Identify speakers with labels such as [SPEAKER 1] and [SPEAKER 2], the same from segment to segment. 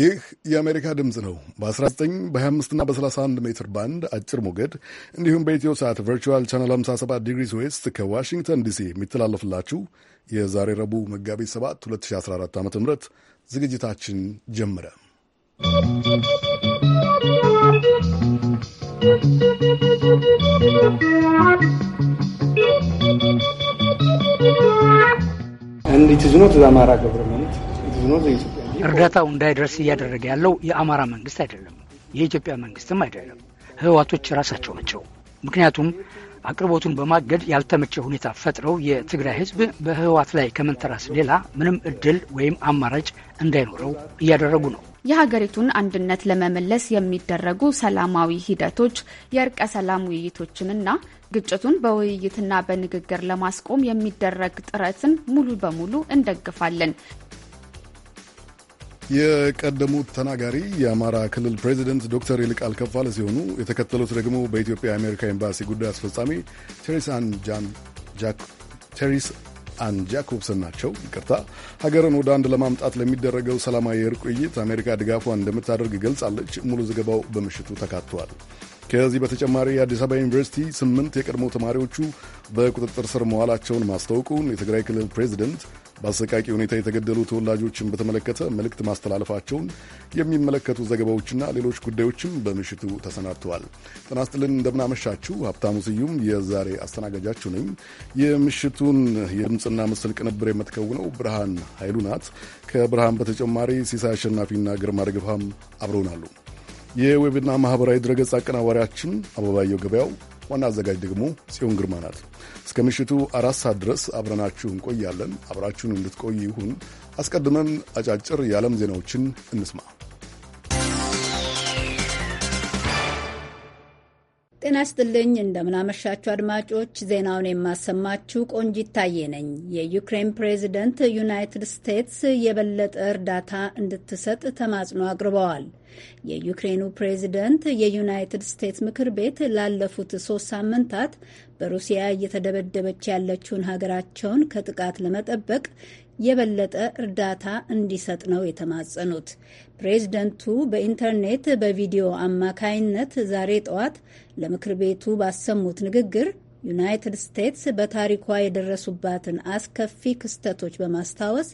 [SPEAKER 1] ይህ የአሜሪካ ድምፅ ነው። በ19 በ25ና በ31 ሜትር ባንድ አጭር ሞገድ እንዲሁም በኢትዮ ሰዓት ቨርቹዋል ቻናል 57 ዲግሪስ ዌስት ከዋሽንግተን ዲሲ የሚተላለፍላችሁ የዛሬ ረቡዕ መጋቢት 7 2014 ዓ ም ዝግጅታችን ጀመረ።
[SPEAKER 2] እንዲት ዝኖት ገብረ ማለት እርዳታው እንዳይደርስ እያደረገ ያለው የአማራ መንግስት አይደለም፣ የኢትዮጵያ መንግስትም አይደለም፣ ህወሓቶች ራሳቸው ናቸው። ምክንያቱም አቅርቦቱን በማገድ ያልተመቸ ሁኔታ ፈጥረው የትግራይ ህዝብ በህወሓት ላይ ከመንተራስ ሌላ ምንም እድል ወይም አማራጭ እንዳይኖረው እያደረጉ ነው።
[SPEAKER 3] የሀገሪቱን አንድነት ለመመለስ የሚደረጉ ሰላማዊ ሂደቶች የእርቀ ሰላም ውይይቶችንና ግጭቱን በውይይትና በንግግር ለማስቆም የሚደረግ ጥረትን ሙሉ በሙሉ እንደግፋለን።
[SPEAKER 1] የቀደሙት ተናጋሪ የአማራ ክልል ፕሬዚደንት ዶክተር ይልቃል ከፋለ ሲሆኑ የተከተሉት ደግሞ በኢትዮጵያ የአሜሪካ ኤምባሲ ጉዳይ አስፈጻሚ ቴሪስ አን ጃኮብሰን ናቸው። ይቅርታ። ሀገርን ወደ አንድ ለማምጣት ለሚደረገው ሰላማዊ የእርቅ ውይይት አሜሪካ ድጋፏን እንደምታደርግ ገልጻለች። ሙሉ ዘገባው በምሽቱ ተካቷል። ከዚህ በተጨማሪ የአዲስ አበባ ዩኒቨርሲቲ ስምንት የቀድሞ ተማሪዎቹ በቁጥጥር ስር መዋላቸውን ማስታወቁን የትግራይ ክልል ፕሬዚደንት በአሰቃቂ ሁኔታ የተገደሉ ተወላጆችን በተመለከተ መልእክት ማስተላለፋቸውን የሚመለከቱ ዘገባዎችና ሌሎች ጉዳዮችም በምሽቱ ተሰናድተዋል። ጤና ይስጥልን፣ እንደምናመሻችሁ። ሀብታሙ ስዩም የዛሬ አስተናጋጃችሁ ነኝ። የምሽቱን የድምፅና ምስል ቅንብር የምትከውነው ብርሃን ኃይሉ ናት። ከብርሃን በተጨማሪ ሲሳይ አሸናፊና ግርማ ርግብሃም አብረውናሉ። የዌብና ማኅበራዊ ድረገጽ አቀናባሪያችን አበባየው ገበያው ዋና አዘጋጅ ደግሞ ጽዮን ግርማ ናት። እስከ ምሽቱ አራት ሰዓት ድረስ አብረናችሁ እንቆያለን። አብራችሁን እንድትቆይ ይሁን። አስቀድመን አጫጭር የዓለም ዜናዎችን እንስማ።
[SPEAKER 4] ጤና ስጥልኝ፣ እንደምናመሻችሁ አድማጮች፣ ዜናውን የማሰማችሁ ቆንጂ ይታየ ነኝ። የዩክሬን ፕሬዚደንት ዩናይትድ ስቴትስ የበለጠ እርዳታ እንድትሰጥ ተማጽኖ አቅርበዋል። የዩክሬኑ ፕሬዚደንት የዩናይትድ ስቴትስ ምክር ቤት ላለፉት ሶስት ሳምንታት በሩሲያ እየተደበደበች ያለችውን ሀገራቸውን ከጥቃት ለመጠበቅ የበለጠ እርዳታ እንዲሰጥ ነው የተማጸኑት። ፕሬዝደንቱ በኢንተርኔት በቪዲዮ አማካይነት ዛሬ ጠዋት ለምክር ቤቱ ባሰሙት ንግግር ዩናይትድ ስቴትስ በታሪኳ የደረሱባትን አስከፊ ክስተቶች በማስታወስ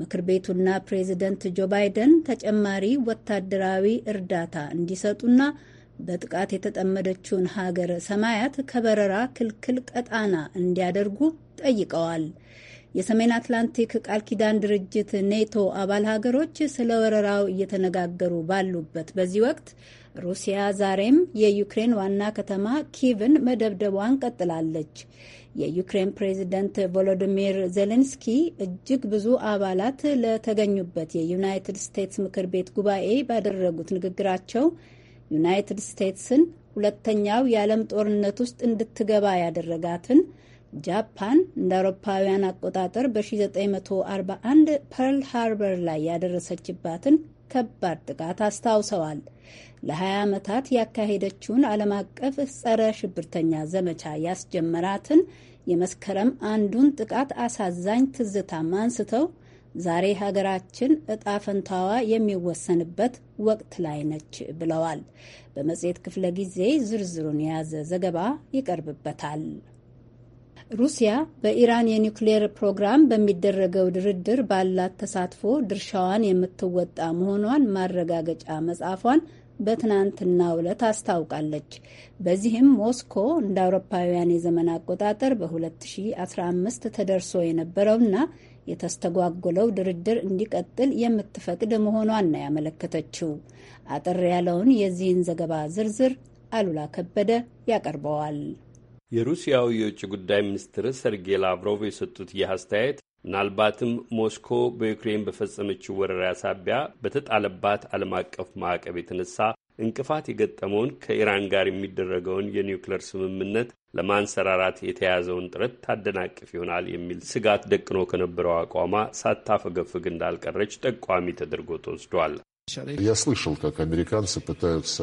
[SPEAKER 4] ምክር ቤቱና ፕሬዝደንት ጆ ባይደን ተጨማሪ ወታደራዊ እርዳታ እንዲሰጡና በጥቃት የተጠመደችውን ሀገር ሰማያት ከበረራ ክልክል ቀጣና እንዲያደርጉ ጠይቀዋል። የሰሜን አትላንቲክ ቃል ኪዳን ድርጅት ኔቶ አባል ሀገሮች ስለ ወረራው እየተነጋገሩ ባሉበት በዚህ ወቅት ሩሲያ ዛሬም የዩክሬን ዋና ከተማ ኪቭን መደብደቧን ቀጥላለች። የዩክሬን ፕሬዚደንት ቮሎዲሚር ዜሌንስኪ እጅግ ብዙ አባላት ለተገኙበት የዩናይትድ ስቴትስ ምክር ቤት ጉባኤ ባደረጉት ንግግራቸው ዩናይትድ ስቴትስን ሁለተኛው የዓለም ጦርነት ውስጥ እንድትገባ ያደረጋትን ጃፓን እንደ አውሮፓውያን አቆጣጠር በ1941 ፐርል ሃርበር ላይ ያደረሰችባትን ከባድ ጥቃት አስታውሰዋል። ለ20 ዓመታት ያካሄደችውን ዓለም አቀፍ ጸረ ሽብርተኛ ዘመቻ ያስጀመራትን የመስከረም አንዱን ጥቃት አሳዛኝ ትዝታም አንስተው ዛሬ ሀገራችን እጣ ፈንታዋ የሚወሰንበት ወቅት ላይ ነች ብለዋል። በመጽሔት ክፍለ ጊዜ ዝርዝሩን የያዘ ዘገባ ይቀርብበታል። ሩሲያ በኢራን የኒውክሌር ፕሮግራም በሚደረገው ድርድር ባላት ተሳትፎ ድርሻዋን የምትወጣ መሆኗን ማረጋገጫ መጻፏን በትናንትና ዕለት አስታውቃለች። በዚህም ሞስኮ እንደ አውሮፓውያን የዘመን አቆጣጠር በ2015 ተደርሶ የነበረውና የተስተጓጎለው ድርድር እንዲቀጥል የምትፈቅድ መሆኗን ነው ያመለከተችው። አጠር ያለውን የዚህን ዘገባ ዝርዝር አሉላ ከበደ ያቀርበዋል።
[SPEAKER 5] የሩሲያው የውጭ ጉዳይ ሚኒስትር ሰርጌይ ላቭሮቭ የሰጡት ይህ አስተያየት ምናልባትም ሞስኮ በዩክሬን በፈጸመችው ወረራ ሳቢያ በተጣለባት ዓለም አቀፍ ማዕቀብ የተነሳ እንቅፋት የገጠመውን ከኢራን ጋር የሚደረገውን የኒውክሌር ስምምነት ለማንሰራራት የተያዘውን ጥረት ታደናቅፍ ይሆናል የሚል ስጋት ደቅኖ ከነበረው አቋሟ ሳታፈገፍግ እንዳልቀረች ጠቋሚ ተደርጎ ተወስዷል።
[SPEAKER 6] Я слышал, как американцы пытаются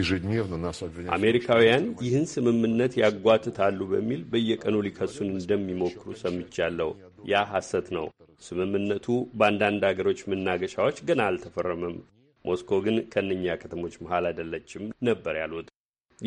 [SPEAKER 6] ежедневно нас обвинять.
[SPEAKER 5] አሜሪካውያን ይህን ስምምነት ያጓትታሉ በሚል በየቀኑ ሊከሱን እንደሚሞክሩ ሰምቻለሁ። ያ ሐሰት ነው። ስምምነቱ በአንዳንድ አገሮች መናገሻዎች ገና አልተፈረመም። ሞስኮ ግን ከእነኛ ከተሞች መሃል አይደለችም ነበር ያሉት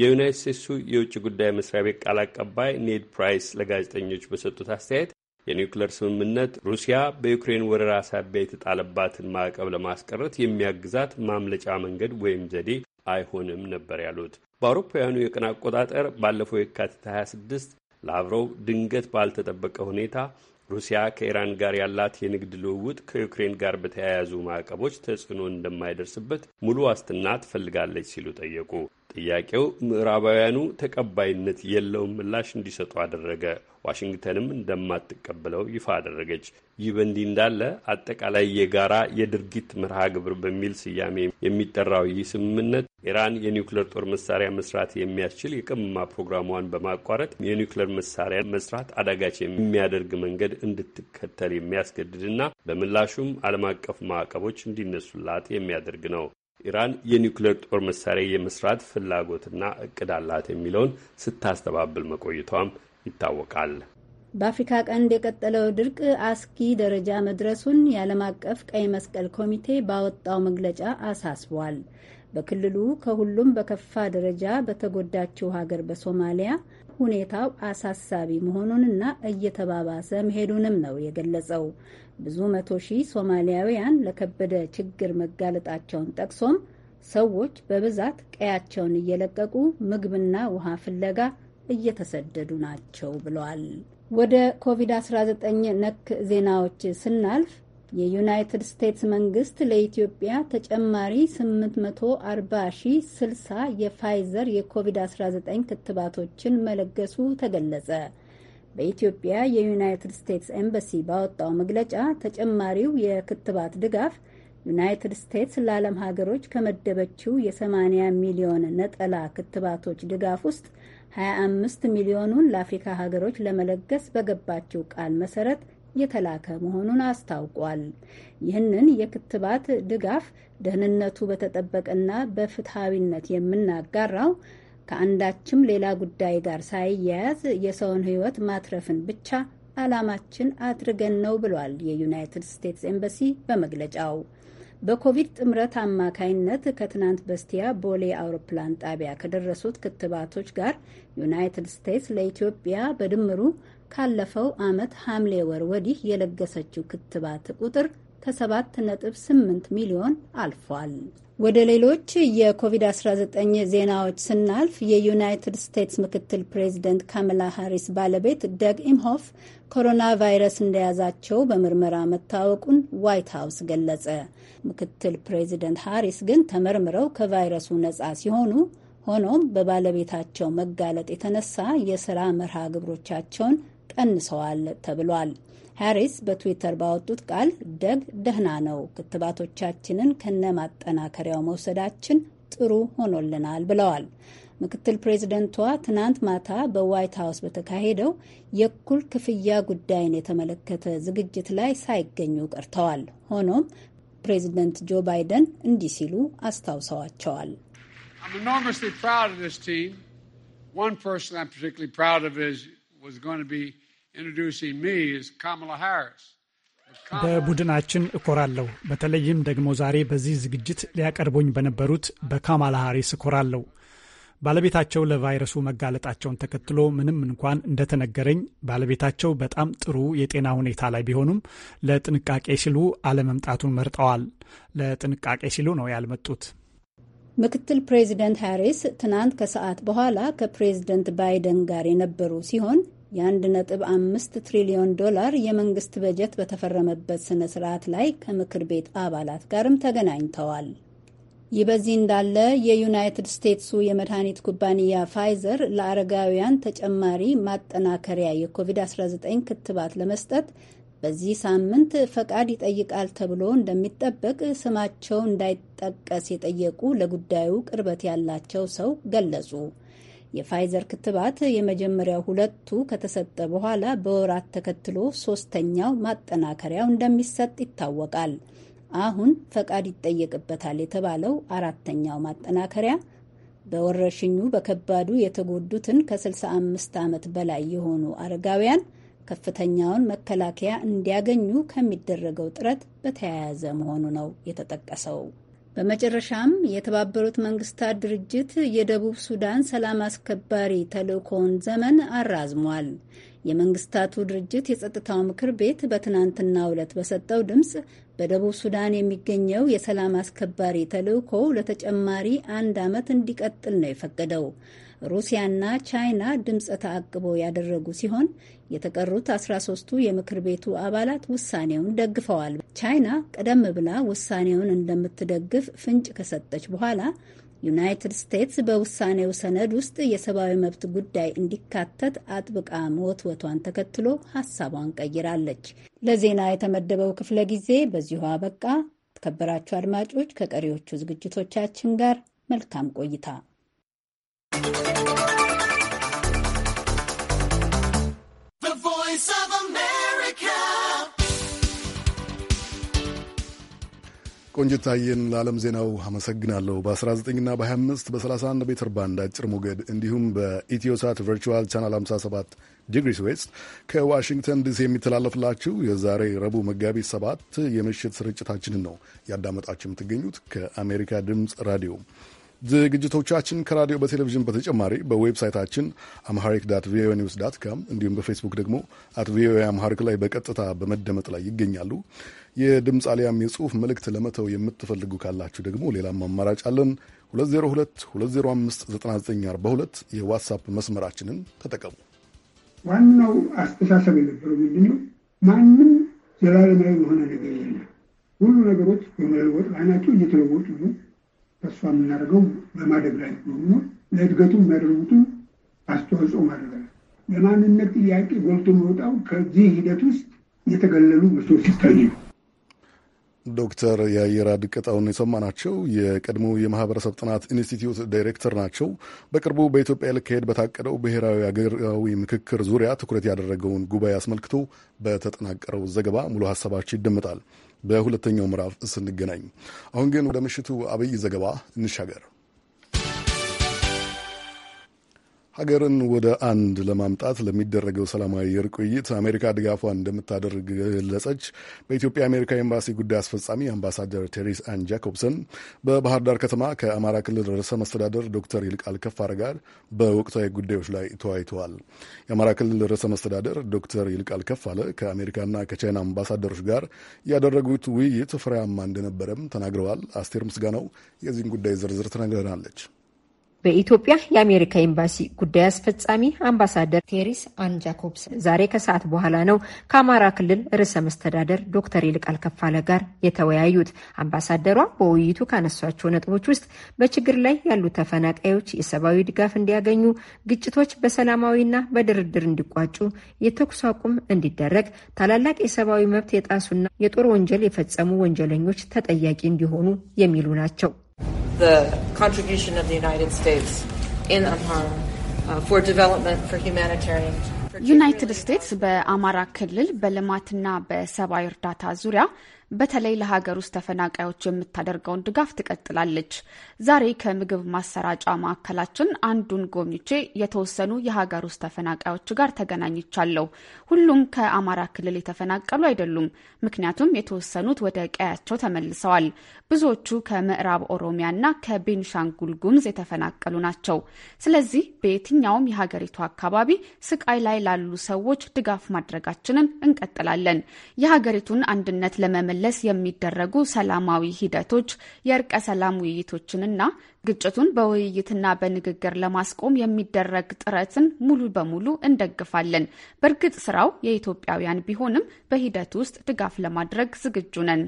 [SPEAKER 5] የዩናይት ስቴትሱ የውጭ ጉዳይ መስሪያ ቤት ቃል አቀባይ ኔድ ፕራይስ ለጋዜጠኞች በሰጡት አስተያየት የኒውክሌር ስምምነት ሩሲያ በዩክሬን ወረራ ሳቢያ የተጣለባትን ማዕቀብ ለማስቀረት የሚያግዛት ማምለጫ መንገድ ወይም ዘዴ አይሆንም ነበር ያሉት። በአውሮፓውያኑ የቀን አቆጣጠር ባለፈው የካቲት 26 ላቭሮቭ ድንገት ባልተጠበቀ ሁኔታ ሩሲያ ከኢራን ጋር ያላት የንግድ ልውውጥ ከዩክሬን ጋር በተያያዙ ማዕቀቦች ተጽዕኖ እንደማይደርስበት ሙሉ ዋስትና ትፈልጋለች ሲሉ ጠየቁ። ጥያቄው ምዕራባውያኑ ተቀባይነት የለውም ምላሽ እንዲሰጡ አደረገ። ዋሽንግተንም እንደማትቀበለው ይፋ አደረገች። ይህ በእንዲህ እንዳለ አጠቃላይ የጋራ የድርጊት መርሃ ግብር በሚል ስያሜ የሚጠራው ይህ ስምምነት ኢራን የኒውክሌር ጦር መሳሪያ መስራት የሚያስችል የቅመማ ፕሮግራሟን በማቋረጥ የኒውክሌር መሳሪያ መስራት አዳጋች የሚያደርግ መንገድ እንድትከተል የሚያስገድድና በምላሹም ዓለም አቀፍ ማዕቀቦች እንዲነሱላት የሚያደርግ ነው። ኢራን የኒውክሌር ጦር መሳሪያ የመስራት ፍላጎትና እቅድ አላት የሚለውን ስታስተባብል መቆይቷም ይታወቃል።
[SPEAKER 4] በአፍሪካ ቀንድ የቀጠለው ድርቅ አስጊ ደረጃ መድረሱን የዓለም አቀፍ ቀይ መስቀል ኮሚቴ ባወጣው መግለጫ አሳስቧል። በክልሉ ከሁሉም በከፋ ደረጃ በተጎዳችው ሀገር በሶማሊያ ሁኔታው አሳሳቢ መሆኑንና እየተባባሰ መሄዱንም ነው የገለጸው። ብዙ መቶ ሺህ ሶማሊያውያን ለከበደ ችግር መጋለጣቸውን ጠቅሶም ሰዎች በብዛት ቀያቸውን እየለቀቁ ምግብና ውሃ ፍለጋ እየተሰደዱ ናቸው ብለዋል። ወደ ኮቪድ-19 ነክ ዜናዎች ስናልፍ የዩናይትድ ስቴትስ መንግስት ለኢትዮጵያ ተጨማሪ 840,060 የፋይዘር የኮቪድ-19 ክትባቶችን መለገሱ ተገለጸ። በኢትዮጵያ የዩናይትድ ስቴትስ ኤምባሲ ባወጣው መግለጫ ተጨማሪው የክትባት ድጋፍ ዩናይትድ ስቴትስ ለዓለም ሀገሮች ከመደበችው የ80 ሚሊዮን ነጠላ ክትባቶች ድጋፍ ውስጥ 25 ሚሊዮኑን ለአፍሪካ ሀገሮች ለመለገስ በገባችው ቃል መሰረት የተላከ መሆኑን አስታውቋል። ይህንን የክትባት ድጋፍ ደህንነቱ በተጠበቀና በፍትሐዊነት የምናጋራው ከአንዳችም ሌላ ጉዳይ ጋር ሳይያያዝ የሰውን ሕይወት ማትረፍን ብቻ ዓላማችን አድርገን ነው ብሏል የዩናይትድ ስቴትስ ኤምባሲ በመግለጫው። በኮቪድ ጥምረት አማካይነት ከትናንት በስቲያ ቦሌ አውሮፕላን ጣቢያ ከደረሱት ክትባቶች ጋር ዩናይትድ ስቴትስ ለኢትዮጵያ በድምሩ ካለፈው ዓመት ሐምሌ ወር ወዲህ የለገሰችው ክትባት ቁጥር ከ7.8 ሚሊዮን አልፏል። ወደ ሌሎች የኮቪድ-19 ዜናዎች ስናልፍ የዩናይትድ ስቴትስ ምክትል ፕሬዚደንት ካመላ ሃሪስ ባለቤት ደግ ኢምሆፍ ኮሮና ቫይረስ እንደያዛቸው በምርመራ መታወቁን ዋይት ሀውስ ገለጸ። ምክትል ፕሬዚደንት ሃሪስ ግን ተመርምረው ከቫይረሱ ነጻ ሲሆኑ ሆኖም በባለቤታቸው መጋለጥ የተነሳ የሥራ መርሃ ግብሮቻቸውን ቀንሰዋል ተብሏል። ሃሪስ በትዊተር ባወጡት ቃል ደግ ደህና ነው፣ ክትባቶቻችንን ከነ ማጠናከሪያው መውሰዳችን ጥሩ ሆኖልናል ብለዋል። ምክትል ፕሬዚደንቷ ትናንት ማታ በዋይት ሀውስ በተካሄደው የእኩል ክፍያ ጉዳይን የተመለከተ ዝግጅት ላይ ሳይገኙ ቀርተዋል። ሆኖም ፕሬዚደንት ጆ ባይደን እንዲህ ሲሉ አስታውሰዋቸዋል።
[SPEAKER 7] I'm
[SPEAKER 2] በቡድናችን እኮራለሁ። በተለይም ደግሞ ዛሬ በዚህ ዝግጅት ሊያቀርቡኝ በነበሩት በካማላ ሃሪስ እኮራለሁ። ባለቤታቸው ለቫይረሱ መጋለጣቸውን ተከትሎ ምንም እንኳን እንደተነገረኝ ባለቤታቸው በጣም ጥሩ የጤና ሁኔታ ላይ ቢሆኑም ለጥንቃቄ ሲሉ አለመምጣቱን መርጠዋል። ለጥንቃቄ ሲሉ ነው ያልመጡት።
[SPEAKER 4] ምክትል ፕሬዚደንት ሃሪስ ትናንት ከሰዓት በኋላ ከፕሬዚደንት ባይደን ጋር የነበሩ ሲሆን የ1.5 ትሪሊዮን ዶላር የመንግስት በጀት በተፈረመበት ስነ ስርዓት ላይ ከምክር ቤት አባላት ጋርም ተገናኝተዋል። ይህ በዚህ እንዳለ የዩናይትድ ስቴትሱ የመድኃኒት ኩባንያ ፋይዘር ለአረጋውያን ተጨማሪ ማጠናከሪያ የኮቪድ-19 ክትባት ለመስጠት በዚህ ሳምንት ፈቃድ ይጠይቃል ተብሎ እንደሚጠበቅ ስማቸው እንዳይጠቀስ የጠየቁ ለጉዳዩ ቅርበት ያላቸው ሰው ገለጹ። የፋይዘር ክትባት የመጀመሪያው ሁለቱ ከተሰጠ በኋላ በወራት ተከትሎ ሶስተኛው ማጠናከሪያው እንደሚሰጥ ይታወቃል። አሁን ፈቃድ ይጠየቅበታል የተባለው አራተኛው ማጠናከሪያ በወረርሽኙ በከባዱ የተጎዱትን ከ65 ዓመት በላይ የሆኑ አረጋውያን ከፍተኛውን መከላከያ እንዲያገኙ ከሚደረገው ጥረት በተያያዘ መሆኑ ነው የተጠቀሰው። በመጨረሻም የተባበሩት መንግስታት ድርጅት የደቡብ ሱዳን ሰላም አስከባሪ ተልእኮውን ዘመን አራዝሟል። የመንግስታቱ ድርጅት የጸጥታው ምክር ቤት በትናንትናው ዕለት በሰጠው ድምፅ በደቡብ ሱዳን የሚገኘው የሰላም አስከባሪ ተልእኮ ለተጨማሪ አንድ ዓመት እንዲቀጥል ነው የፈቀደው። ሩሲያና ቻይና ድምፅ ተአቅቦ ያደረጉ ሲሆን የተቀሩት 13ቱ የምክር ቤቱ አባላት ውሳኔውን ደግፈዋል። ቻይና ቀደም ብላ ውሳኔውን እንደምትደግፍ ፍንጭ ከሰጠች በኋላ ዩናይትድ ስቴትስ በውሳኔው ሰነድ ውስጥ የሰብአዊ መብት ጉዳይ እንዲካተት አጥብቃ መወትወቷን ተከትሎ ሀሳቧን ቀይራለች። ለዜና የተመደበው ክፍለ ጊዜ በዚሁ አበቃ። ተከበራችሁ አድማጮች ከቀሪዎቹ ዝግጅቶቻችን ጋር መልካም ቆይታ
[SPEAKER 1] ቆንጅታዬን ለዓለም ዜናው አመሰግናለሁ። በ19ና በ25 በ31 ሜትር ባንድ አጭር ሞገድ እንዲሁም በኢትዮሳት ቨርቹዋል ቻናል 57 ዲግሪስ ዌስት ከዋሽንግተን ዲሲ የሚተላለፍላችሁ የዛሬ ረቡዕ መጋቢት ሰባት የምሽት ስርጭታችንን ነው ያዳመጣችሁ የምትገኙት ከአሜሪካ ድምፅ ራዲዮ ዝግጅቶቻችን ከራዲዮ በቴሌቪዥን በተጨማሪ በዌብሳይታችን አምሃሪክ ዳት ቪኦኤ ኒውስ ዳት ካም እንዲሁም በፌስቡክ ደግሞ አት ቪኦኤ አምሃሪክ ላይ በቀጥታ በመደመጥ ላይ ይገኛሉ። የድምፅ አሊያም የጽሁፍ መልእክት ለመተው የምትፈልጉ ካላችሁ ደግሞ ሌላም አማራጭ አለን። 2022059942 የዋትሳፕ መስመራችንን ተጠቀሙ።
[SPEAKER 7] ዋናው አስተሳሰብ የነበረው ምንድነው? ማንም ዘላለማዊ የሆነ ነገር የለም። ሁሉ ነገሮች በመለወጥ አይናቸው እየተለወጡ ነው ተስፋ የምናደርገው በማደግ ላይ ነው። ለእድገቱ የሚያደርጉትን አስተዋጽኦ ማድረግ ለማንነት ጥያቄ ጎልቶ መውጣው ከዚህ ሂደት ውስጥ የተገለሉ መስሎ ሲታይ
[SPEAKER 1] ዶክተር የአየር አድቅጣውን የሰማናቸው የቀድሞ የማህበረሰብ ጥናት ኢንስቲትዩት ዳይሬክተር ናቸው። በቅርቡ በኢትዮጵያ ሊካሄድ በታቀደው ብሔራዊ አገራዊ ምክክር ዙሪያ ትኩረት ያደረገውን ጉባኤ አስመልክቶ በተጠናቀረው ዘገባ ሙሉ ሀሳባቸው ይደመጣል። በሁለተኛው ምዕራፍ ስንገናኝ። አሁን ግን ወደ ምሽቱ አብይ ዘገባ እንሻገር። ሀገርን ወደ አንድ ለማምጣት ለሚደረገው ሰላማዊ የእርቅ ውይይት አሜሪካ ድጋፏ እንደምታደርግ ገለጸች። በኢትዮጵያ አሜሪካ ኤምባሲ ጉዳይ አስፈጻሚ አምባሳደር ቴሪስ አን ጃኮብሰን በባህር ዳር ከተማ ከአማራ ክልል ርዕሰ መስተዳደር ዶክተር ይልቃል ከፋር ጋር በወቅታዊ ጉዳዮች ላይ ተወያይተዋል። የአማራ ክልል ርዕሰ መስተዳደር ዶክተር ይልቃል ከፋለ ከአሜሪካና ከቻይና አምባሳደሮች ጋር ያደረጉት ውይይት ፍሬያማ እንደነበረም ተናግረዋል። አስቴር ምስጋናው የዚህን ጉዳይ ዝርዝር ትነግረናለች።
[SPEAKER 8] በኢትዮጵያ የአሜሪካ ኤምባሲ ጉዳይ አስፈጻሚ አምባሳደር ቴሪስ አን ጃኮብስ ዛሬ ከሰዓት በኋላ ነው ከአማራ ክልል ርዕሰ መስተዳደር ዶክተር ይልቃል ከፋለ ጋር የተወያዩት። አምባሳደሯ በውይይቱ ካነሷቸው ነጥቦች ውስጥ በችግር ላይ ያሉ ተፈናቃዮች የሰብአዊ ድጋፍ እንዲያገኙ፣ ግጭቶች በሰላማዊና በድርድር እንዲቋጩ፣ የተኩስ አቁም እንዲደረግ፣ ታላላቅ የሰብአዊ መብት የጣሱና የጦር ወንጀል የፈጸሙ ወንጀለኞች ተጠያቂ እንዲሆኑ የሚሉ ናቸው። ዩናይትድ
[SPEAKER 3] ስቴትስ uh, በአማራ ክልል በልማትና በሰብአዊ እርዳታ ዙሪያ በተለይ ለሀገር ውስጥ ተፈናቃዮች የምታደርገውን ድጋፍ ትቀጥላለች። ዛሬ ከምግብ ማሰራጫ ማዕከላችን አንዱን ጎብኝቼ የተወሰኑ የሀገር ውስጥ ተፈናቃዮች ጋር ተገናኝቻለሁ። ሁሉም ከአማራ ክልል የተፈናቀሉ አይደሉም። ምክንያቱም የተወሰኑት ወደ ቀያቸው ተመልሰዋል። ብዙዎቹ ከምዕራብ ኦሮሚያና ከቤንሻንጉል ጉምዝ የተፈናቀሉ ናቸው። ስለዚህ በየትኛውም የሀገሪቱ አካባቢ ስቃይ ላይ ላሉ ሰዎች ድጋፍ ማድረጋችንን እንቀጥላለን። የሀገሪቱን አንድነት ለመመለስ የሚደረጉ ሰላማዊ ሂደቶች፣ የእርቀ ሰላም ውይይቶችንና ግጭቱን በውይይትና በንግግር ለማስቆም የሚደረግ ጥረትን ሙሉ በሙሉ እንደግፋለን። በእርግጥ ስራው የኢትዮጵያውያን ቢሆንም በሂደት ውስጥ ድጋፍ ለማድረግ ዝግጁ ነን።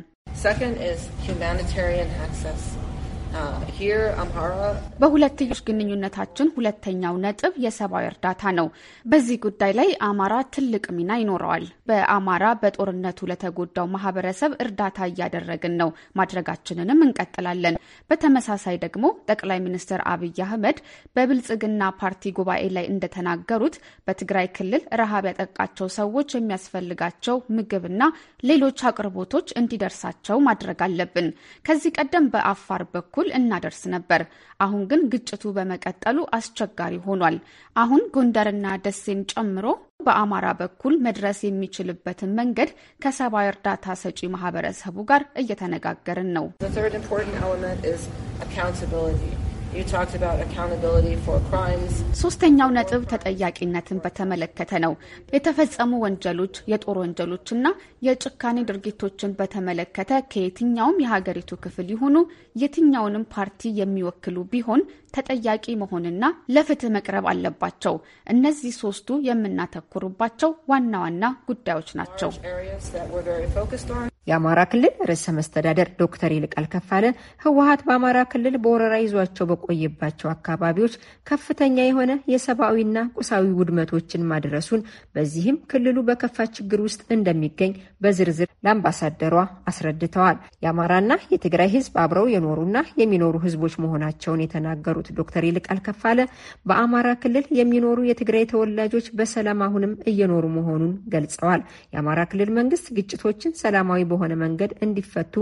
[SPEAKER 3] በሁለትዮሽ ግንኙነታችን ሁለተኛው ነጥብ የሰብአዊ እርዳታ ነው። በዚህ ጉዳይ ላይ አማራ ትልቅ ሚና ይኖረዋል። በአማራ በጦርነቱ ለተጎዳው ማህበረሰብ እርዳታ እያደረግን ነው። ማድረጋችንንም እንቀጥላለን። በተመሳሳይ ደግሞ ጠቅላይ ሚኒስትር አብይ አህመድ በብልጽግና ፓርቲ ጉባኤ ላይ እንደተናገሩት በትግራይ ክልል ረሃብ ያጠቃቸው ሰዎች የሚያስፈልጋቸው ምግብና ሌሎች አቅርቦቶች እንዲደርሳቸው ማድረግ አለብን። ከዚህ ቀደም በአፋር በኩል በኩል እናደርስ ነበር። አሁን ግን ግጭቱ በመቀጠሉ አስቸጋሪ ሆኗል። አሁን ጎንደርና ደሴን ጨምሮ በአማራ በኩል መድረስ የሚችልበትን መንገድ ከሰብአዊ እርዳታ ሰጪ ማህበረሰቡ ጋር እየተነጋገርን ነው። ሶስተኛው ነጥብ ተጠያቂነትን በተመለከተ ነው። የተፈጸሙ ወንጀሎች፣ የጦር ወንጀሎች ና የጭካኔ ድርጊቶችን በተመለከተ ከየትኛውም የሀገሪቱ ክፍል ይሁኑ የትኛውንም ፓርቲ የሚወክሉ ቢሆን ተጠያቂ መሆንና ለፍትህ መቅረብ አለባቸው። እነዚህ ሶስቱ የምናተኩርባቸው ዋና ዋና ጉዳዮች ናቸው። የአማራ ክልል ርዕሰ መስተዳደር ዶክተር ይልቃል ከፋለ ህወሀት
[SPEAKER 8] በአማራ ክልል በወረራ ይዟቸው በቆየባቸው አካባቢዎች ከፍተኛ የሆነ የሰብአዊና ቁሳዊ ውድመቶችን ማድረሱን በዚህም ክልሉ በከፋ ችግር ውስጥ እንደሚገኝ በዝርዝር ለአምባሳደሯ አስረድተዋል። የአማራና የትግራይ ህዝብ አብረው የኖሩና የሚኖሩ ህዝቦች መሆናቸውን የተናገሩ የተናገሩት ዶክተር ይልቃል ከፋለ በአማራ ክልል የሚኖሩ የትግራይ ተወላጆች በሰላም አሁንም እየኖሩ መሆኑን ገልጸዋል። የአማራ ክልል መንግስት ግጭቶችን ሰላማዊ በሆነ መንገድ እንዲፈቱ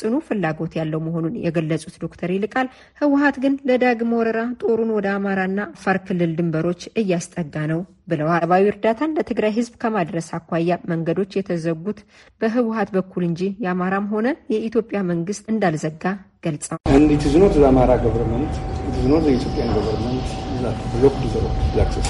[SPEAKER 8] ጽኑ ፍላጎት ያለው መሆኑን የገለጹት ዶክተር ይልቃል ህወሀት ግን ለዳግም ወረራ ጦሩን ወደ አማራና አፋር ክልል ድንበሮች እያስጠጋ ነው ብለዋል። ሰብአዊ እርዳታን ለትግራይ ህዝብ ከማድረስ አኳያ መንገዶች የተዘጉት በህወሀት በኩል እንጂ የአማራም ሆነ የኢትዮጵያ መንግስት እንዳልዘጋ ገልጸዋል።
[SPEAKER 9] ኖ ኢትዮጵያን ገቨርንመንት ብሎክ ላክሰስ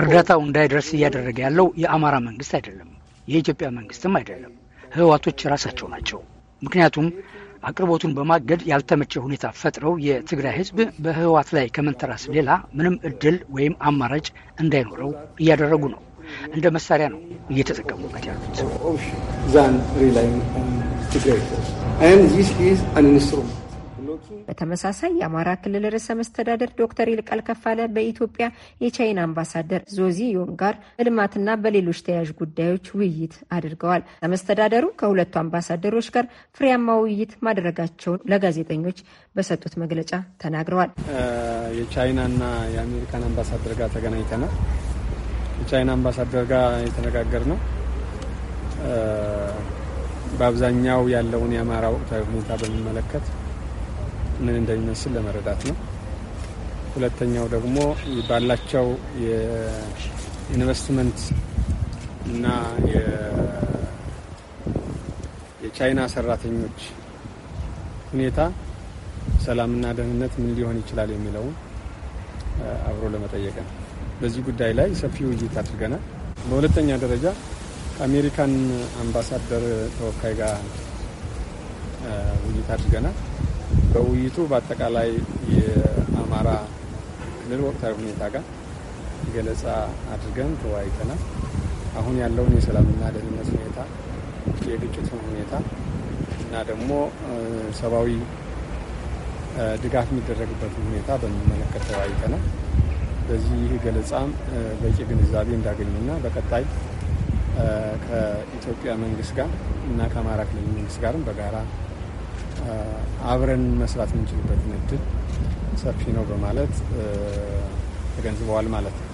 [SPEAKER 2] እርዳታው እንዳይደርስ እያደረገ ያለው የአማራ መንግስት አይደለም፣ የኢትዮጵያ መንግስትም አይደለም፣ ህዋቶች ራሳቸው ናቸው። ምክንያቱም አቅርቦቱን በማገድ ያልተመቸ ሁኔታ ፈጥረው የትግራይ ህዝብ በህዋት ላይ ከመንተራስ ሌላ ምንም እድል ወይም አማራጭ እንዳይኖረው እያደረጉ ነው። እንደ መሳሪያ ነው እየተጠቀሙበት
[SPEAKER 9] ያሉት።
[SPEAKER 8] በተመሳሳይ የአማራ ክልል ርዕሰ መስተዳደር ዶክተር ይልቃል ከፋለ በኢትዮጵያ የቻይና አምባሳደር ዞዚ ዮን ጋር በልማትና በሌሎች ተያያዥ ጉዳዮች ውይይት አድርገዋል። መስተዳደሩ ከሁለቱ አምባሳደሮች ጋር ፍሬያማ ውይይት ማድረጋቸውን ለጋዜጠኞች በሰጡት መግለጫ ተናግረዋል።
[SPEAKER 9] የቻይናና የአሜሪካን አምባሳደር ጋር ተገናኝተናል። የቻይና አምባሳደር ጋር የተነጋገር ነው በአብዛኛው ያለውን የአማራ ወቅታዊ ሁኔታ በሚመለከት ምን እንደሚመስል ለመረዳት ነው። ሁለተኛው ደግሞ ባላቸው የኢንቨስትመንት እና የቻይና ሰራተኞች ሁኔታ ሰላምና ደህንነት ምን ሊሆን ይችላል የሚለውን አብሮ ለመጠየቅ ነው። በዚህ ጉዳይ ላይ ሰፊ ውይይት አድርገናል። በሁለተኛ ደረጃ ከአሜሪካን አምባሳደር ተወካይ ጋር ውይይት አድርገናል። በውይይቱ በአጠቃላይ የአማራ ክልል ወቅታዊ ሁኔታ ጋር ገለጻ አድርገን ተወያይተናል። አሁን ያለውን የሰላምና ደህንነት ሁኔታ፣ የግጭቱን ሁኔታ እና ደግሞ ሰብአዊ ድጋፍ የሚደረግበትን ሁኔታ በሚመለከት ተወያይተናል። በዚህ ገለጻም በቂ ግንዛቤ እንዳገኙና በቀጣይ ከኢትዮጵያ መንግስት ጋር እና ከአማራ ክልል መንግስት ጋርም በጋራ አብረን መስራት የምንችልበት እድል ሰፊ ነው በማለት ተገንዝበዋል ማለት ነው።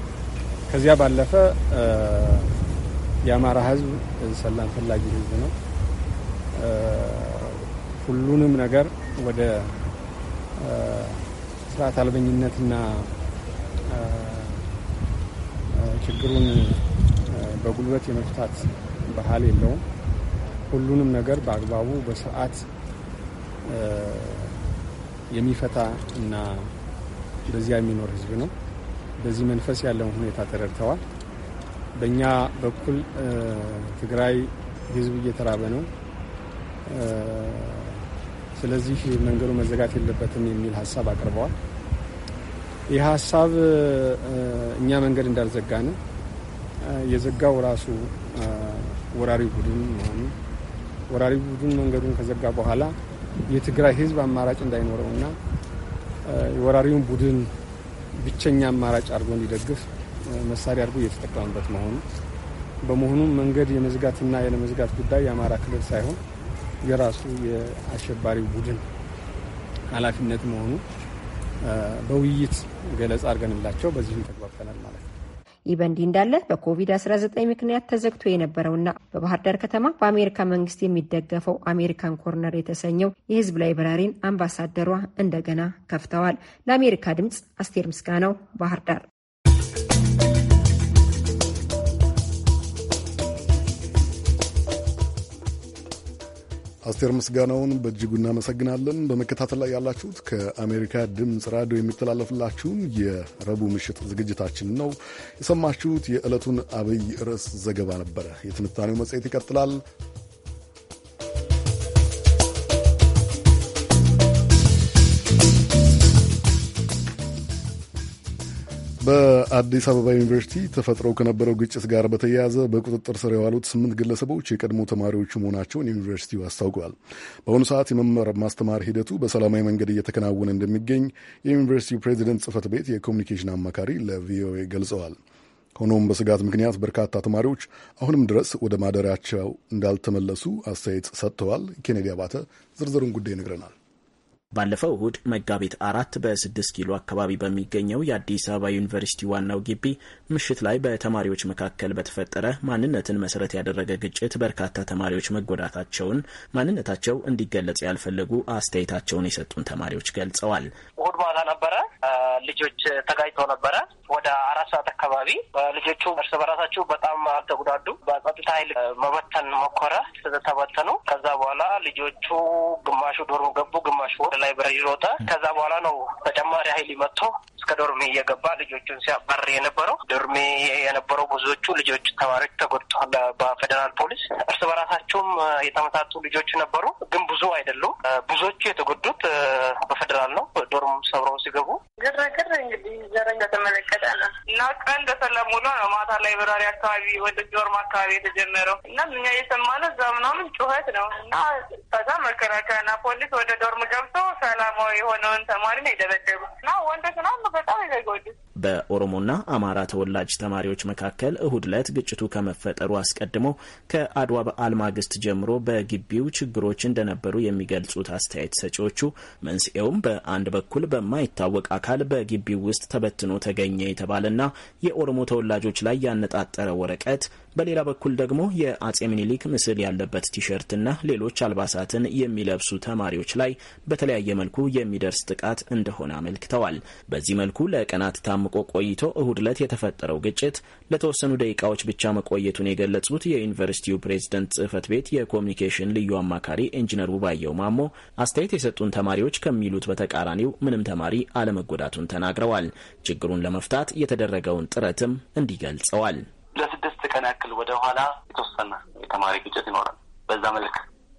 [SPEAKER 9] ከዚያ ባለፈ የአማራ ህዝብ ሰላም ፈላጊ ህዝብ ነው። ሁሉንም ነገር ወደ ስርዓት አልበኝነትና ችግሩን በጉልበት የመፍታት ባህል የለውም። ሁሉንም ነገር በአግባቡ በስርዓት የሚፈታ እና በዚያ የሚኖር ህዝብ ነው። በዚህ መንፈስ ያለውን ሁኔታ ተረድተዋል። በእኛ በኩል ትግራይ ህዝብ እየተራበ ነው፣ ስለዚህ መንገዱ መዘጋት የለበትም የሚል ሀሳብ አቅርበዋል። ይህ ሀሳብ እኛ መንገድ እንዳልዘጋን የዘጋው ራሱ ወራሪ ቡድን መሆኑ ወራሪ ቡድን መንገዱን ከዘጋ በኋላ የትግራይ ህዝብ አማራጭ እንዳይኖረውና የወራሪውን ቡድን ብቸኛ አማራጭ አድርጎ እንዲደግፍ መሳሪያ አድርጎ እየተጠቀመበት መሆኑ በመሆኑ መንገድ የመዝጋትና የለመዝጋት ጉዳይ የአማራ ክልል ሳይሆን የራሱ የአሸባሪው ቡድን ኃላፊነት መሆኑ በውይይት ገለጻ አድርገንላቸው በዚህም ተግባብተናል ማለት ነው።
[SPEAKER 8] ይህ በእንዲህ እንዳለ በኮቪድ-19 ምክንያት ተዘግቶ የነበረውና በባህር ዳር ከተማ በአሜሪካ መንግስት የሚደገፈው አሜሪካን ኮርነር የተሰኘው የህዝብ ላይብራሪን አምባሳደሯ እንደገና ከፍተዋል። ለአሜሪካ ድምፅ አስቴር ምስጋናው ባህር ዳር።
[SPEAKER 1] አስቴር ምስጋናውን በእጅጉ እናመሰግናለን። በመከታተል ላይ ያላችሁት ከአሜሪካ ድምፅ ራዲዮ የሚተላለፍላችሁን የረቡዕ ምሽት ዝግጅታችን ነው። የሰማችሁት የዕለቱን አብይ ርዕስ ዘገባ ነበረ። የትንታኔው መጽሔት ይቀጥላል። በአዲስ አበባ ዩኒቨርሲቲ ተፈጥሮ ከነበረው ግጭት ጋር በተያያዘ በቁጥጥር ስር የዋሉት ስምንት ግለሰቦች የቀድሞ ተማሪዎቹ መሆናቸውን ዩኒቨርሲቲው አስታውቀዋል። በአሁኑ ሰዓት የመማር ማስተማር ሂደቱ በሰላማዊ መንገድ እየተከናወነ እንደሚገኝ የዩኒቨርሲቲው ፕሬዚደንት ጽህፈት ቤት የኮሚኒኬሽን አማካሪ ለቪኦኤ ገልጸዋል። ሆኖም በስጋት ምክንያት በርካታ ተማሪዎች አሁንም ድረስ ወደ ማደሪያቸው እንዳልተመለሱ አስተያየት ሰጥተዋል። ኬኔዲ አባተ ዝርዝሩን ጉዳይ ይነግረናል።
[SPEAKER 10] ባለፈው እሁድ መጋቢት አራት በስድስት ኪሎ አካባቢ በሚገኘው የአዲስ አበባ ዩኒቨርሲቲ ዋናው ግቢ ምሽት ላይ በተማሪዎች መካከል በተፈጠረ ማንነትን መሰረት ያደረገ ግጭት በርካታ ተማሪዎች መጎዳታቸውን ማንነታቸው እንዲገለጽ ያልፈለጉ አስተያየታቸውን የሰጡን ተማሪዎች ገልጸዋል። እሁድ ማታ ነበረ።
[SPEAKER 11] ልጆች ተጋጭተው ነበረ። ወደ አራት ሰዓት አካባቢ ልጆቹ እርስ በራሳቸው በጣም አልተጉዳዱ። በጸጥታ ኃይል መበተን ሞከረ። ተበተኑ። ከዛ በኋላ ልጆቹ ግማሹ ዶርም ገቡ፣ ግማሹ ወደ ላይ ብር ይሮጠ። ከዛ በኋላ ነው ተጨማሪ ኃይል መጥቶ እስከ ዶርሜ እየገባ ልጆቹን ሲያባር የነበረው። ዶርሜ የነበረው ብዙዎቹ ልጆች ተማሪዎች ተጎድተዋል በፌዴራል ፖሊስ። እርስ በራሳቸውም የተመታቱ ልጆች ነበሩ፣ ግን ብዙ አይደሉም። ብዙዎቹ የተጎዱት በፌዴራል ነው። ዶርም ሰብረው ሲገቡ ግርግር እንግዲህ ዘረ እንደተመለከተ ነው እና ቀን በሰላም ነው ማታ ላይ በራሪ አካባቢ ወደ ዶርም አካባቢ የተጀመረው እና እኛ የሰማነው እዛ ምናምን ጩኸት ነው እና ከዛ መከላከያና ፖሊስ ወደ ዶርም ገብተው ሰላማዊ የሆነውን ተማሪ ነው የደበደቡት እና ወንዶች ምናምን በጣም የተጎዱት።
[SPEAKER 10] በኦሮሞና አማራ ተወላጅ ተማሪዎች መካከል እሁድ ዕለት ግጭቱ ከመፈጠሩ አስቀድሞ ከአድዋ በዓል ማግስት ጀምሮ በግቢው ችግሮች እንደነበሩ የሚገልጹት አስተያየት ሰጪዎቹ መንስኤውም በአንድ በኩል በማይታወቅ አካል በግቢው ውስጥ ተበትኖ ተገኘ የተባለና የኦሮሞ ተወላጆች ላይ ያነጣጠረ ወረቀት በሌላ በኩል ደግሞ የአጼ ምኒልክ ምስል ያለበት ቲሸርትና ሌሎች አልባሳትን የሚለብሱ ተማሪዎች ላይ በተለያየ መልኩ የሚደርስ ጥቃት እንደሆነ አመልክተዋል። በዚህ መልኩ ለቀናት ታምቆ ቆይቶ እሁድ ዕለት የተፈጠረው ግጭት ለተወሰኑ ደቂቃዎች ብቻ መቆየቱን የገለጹት የዩኒቨርሲቲው ፕሬዝደንት ጽህፈት ቤት የኮሚኒኬሽን ልዩ አማካሪ ኢንጂነር ውባየው ማሞ አስተያየት የሰጡን ተማሪዎች ከሚሉት በተቃራኒው ምንም ተማሪ አለመጎዳቱን ተናግረዋል። ችግሩን ለመፍታት የተደረገውን ጥረትም እንዲገልጸዋል
[SPEAKER 11] ቀን ያክል ወደኋላ የተወሰነ የተማሪ ግጭት ይኖራል። በዛ መልክ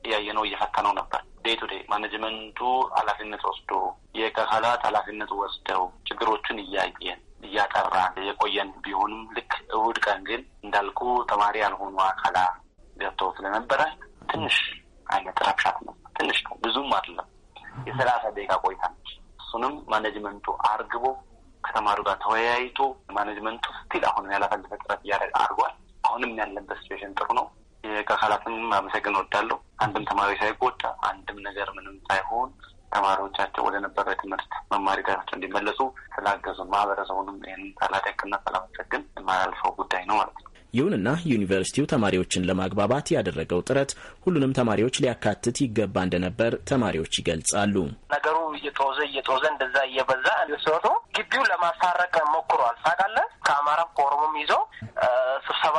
[SPEAKER 11] እያየነው እየፈተነው ነበር። ዴይ ቱ ዴይ ማኔጅመንቱ ኃላፊነት ወስዶ የከካላት ኃላፊነት ወስደው ችግሮችን እያየን እያጠራ የቆየን ቢሆንም ልክ እሁድ ቀን ግን እንዳልኩ ተማሪ ያልሆኑ አካላ ገብተው ስለነበረ ትንሽ አይነት ረብሻት ነው። ትንሽ ነው፣ ብዙም አይደለም። የሰላሳ ደቂቃ ቆይታ ነች። እሱንም ማኔጅመንቱ አርግቦ ከተማሪው ጋር ተወያይቶ ማኔጅመንቱ ስቲል አሁንም ያላሳለፈ ጥረት እያደረገ አድርጓል። አሁንም ያለበት ሲትዌሽን ጥሩ ነው። ከካላትም አመሰግን ወዳለሁ። አንድም ተማሪ ሳይጎዳ አንድም ነገር ምንም ሳይሆን ተማሪዎቻቸው ወደ ነበረ ትምህርት መማሪ ጋራቸው እንዲመለሱ ስላገዙ ማህበረሰቡንም ይህንን ሳላደንቅና ሳላመሰግን
[SPEAKER 10] የማላልፈው ጉዳይ ነው ማለት ነው። ይሁንና ዩኒቨርሲቲው ተማሪዎችን ለማግባባት ያደረገው ጥረት ሁሉንም ተማሪዎች ሊያካትት ይገባ እንደነበር ተማሪዎች ይገልጻሉ። ነገሩ እየተወዘ እየተወዘ እንደዛ እየበዛ ሲወጡ ግቢው ለማስታረቅ
[SPEAKER 11] ሞክሯል። ታውቃለህ ከአማራም ፎርሙም ይዞ ስብሰባ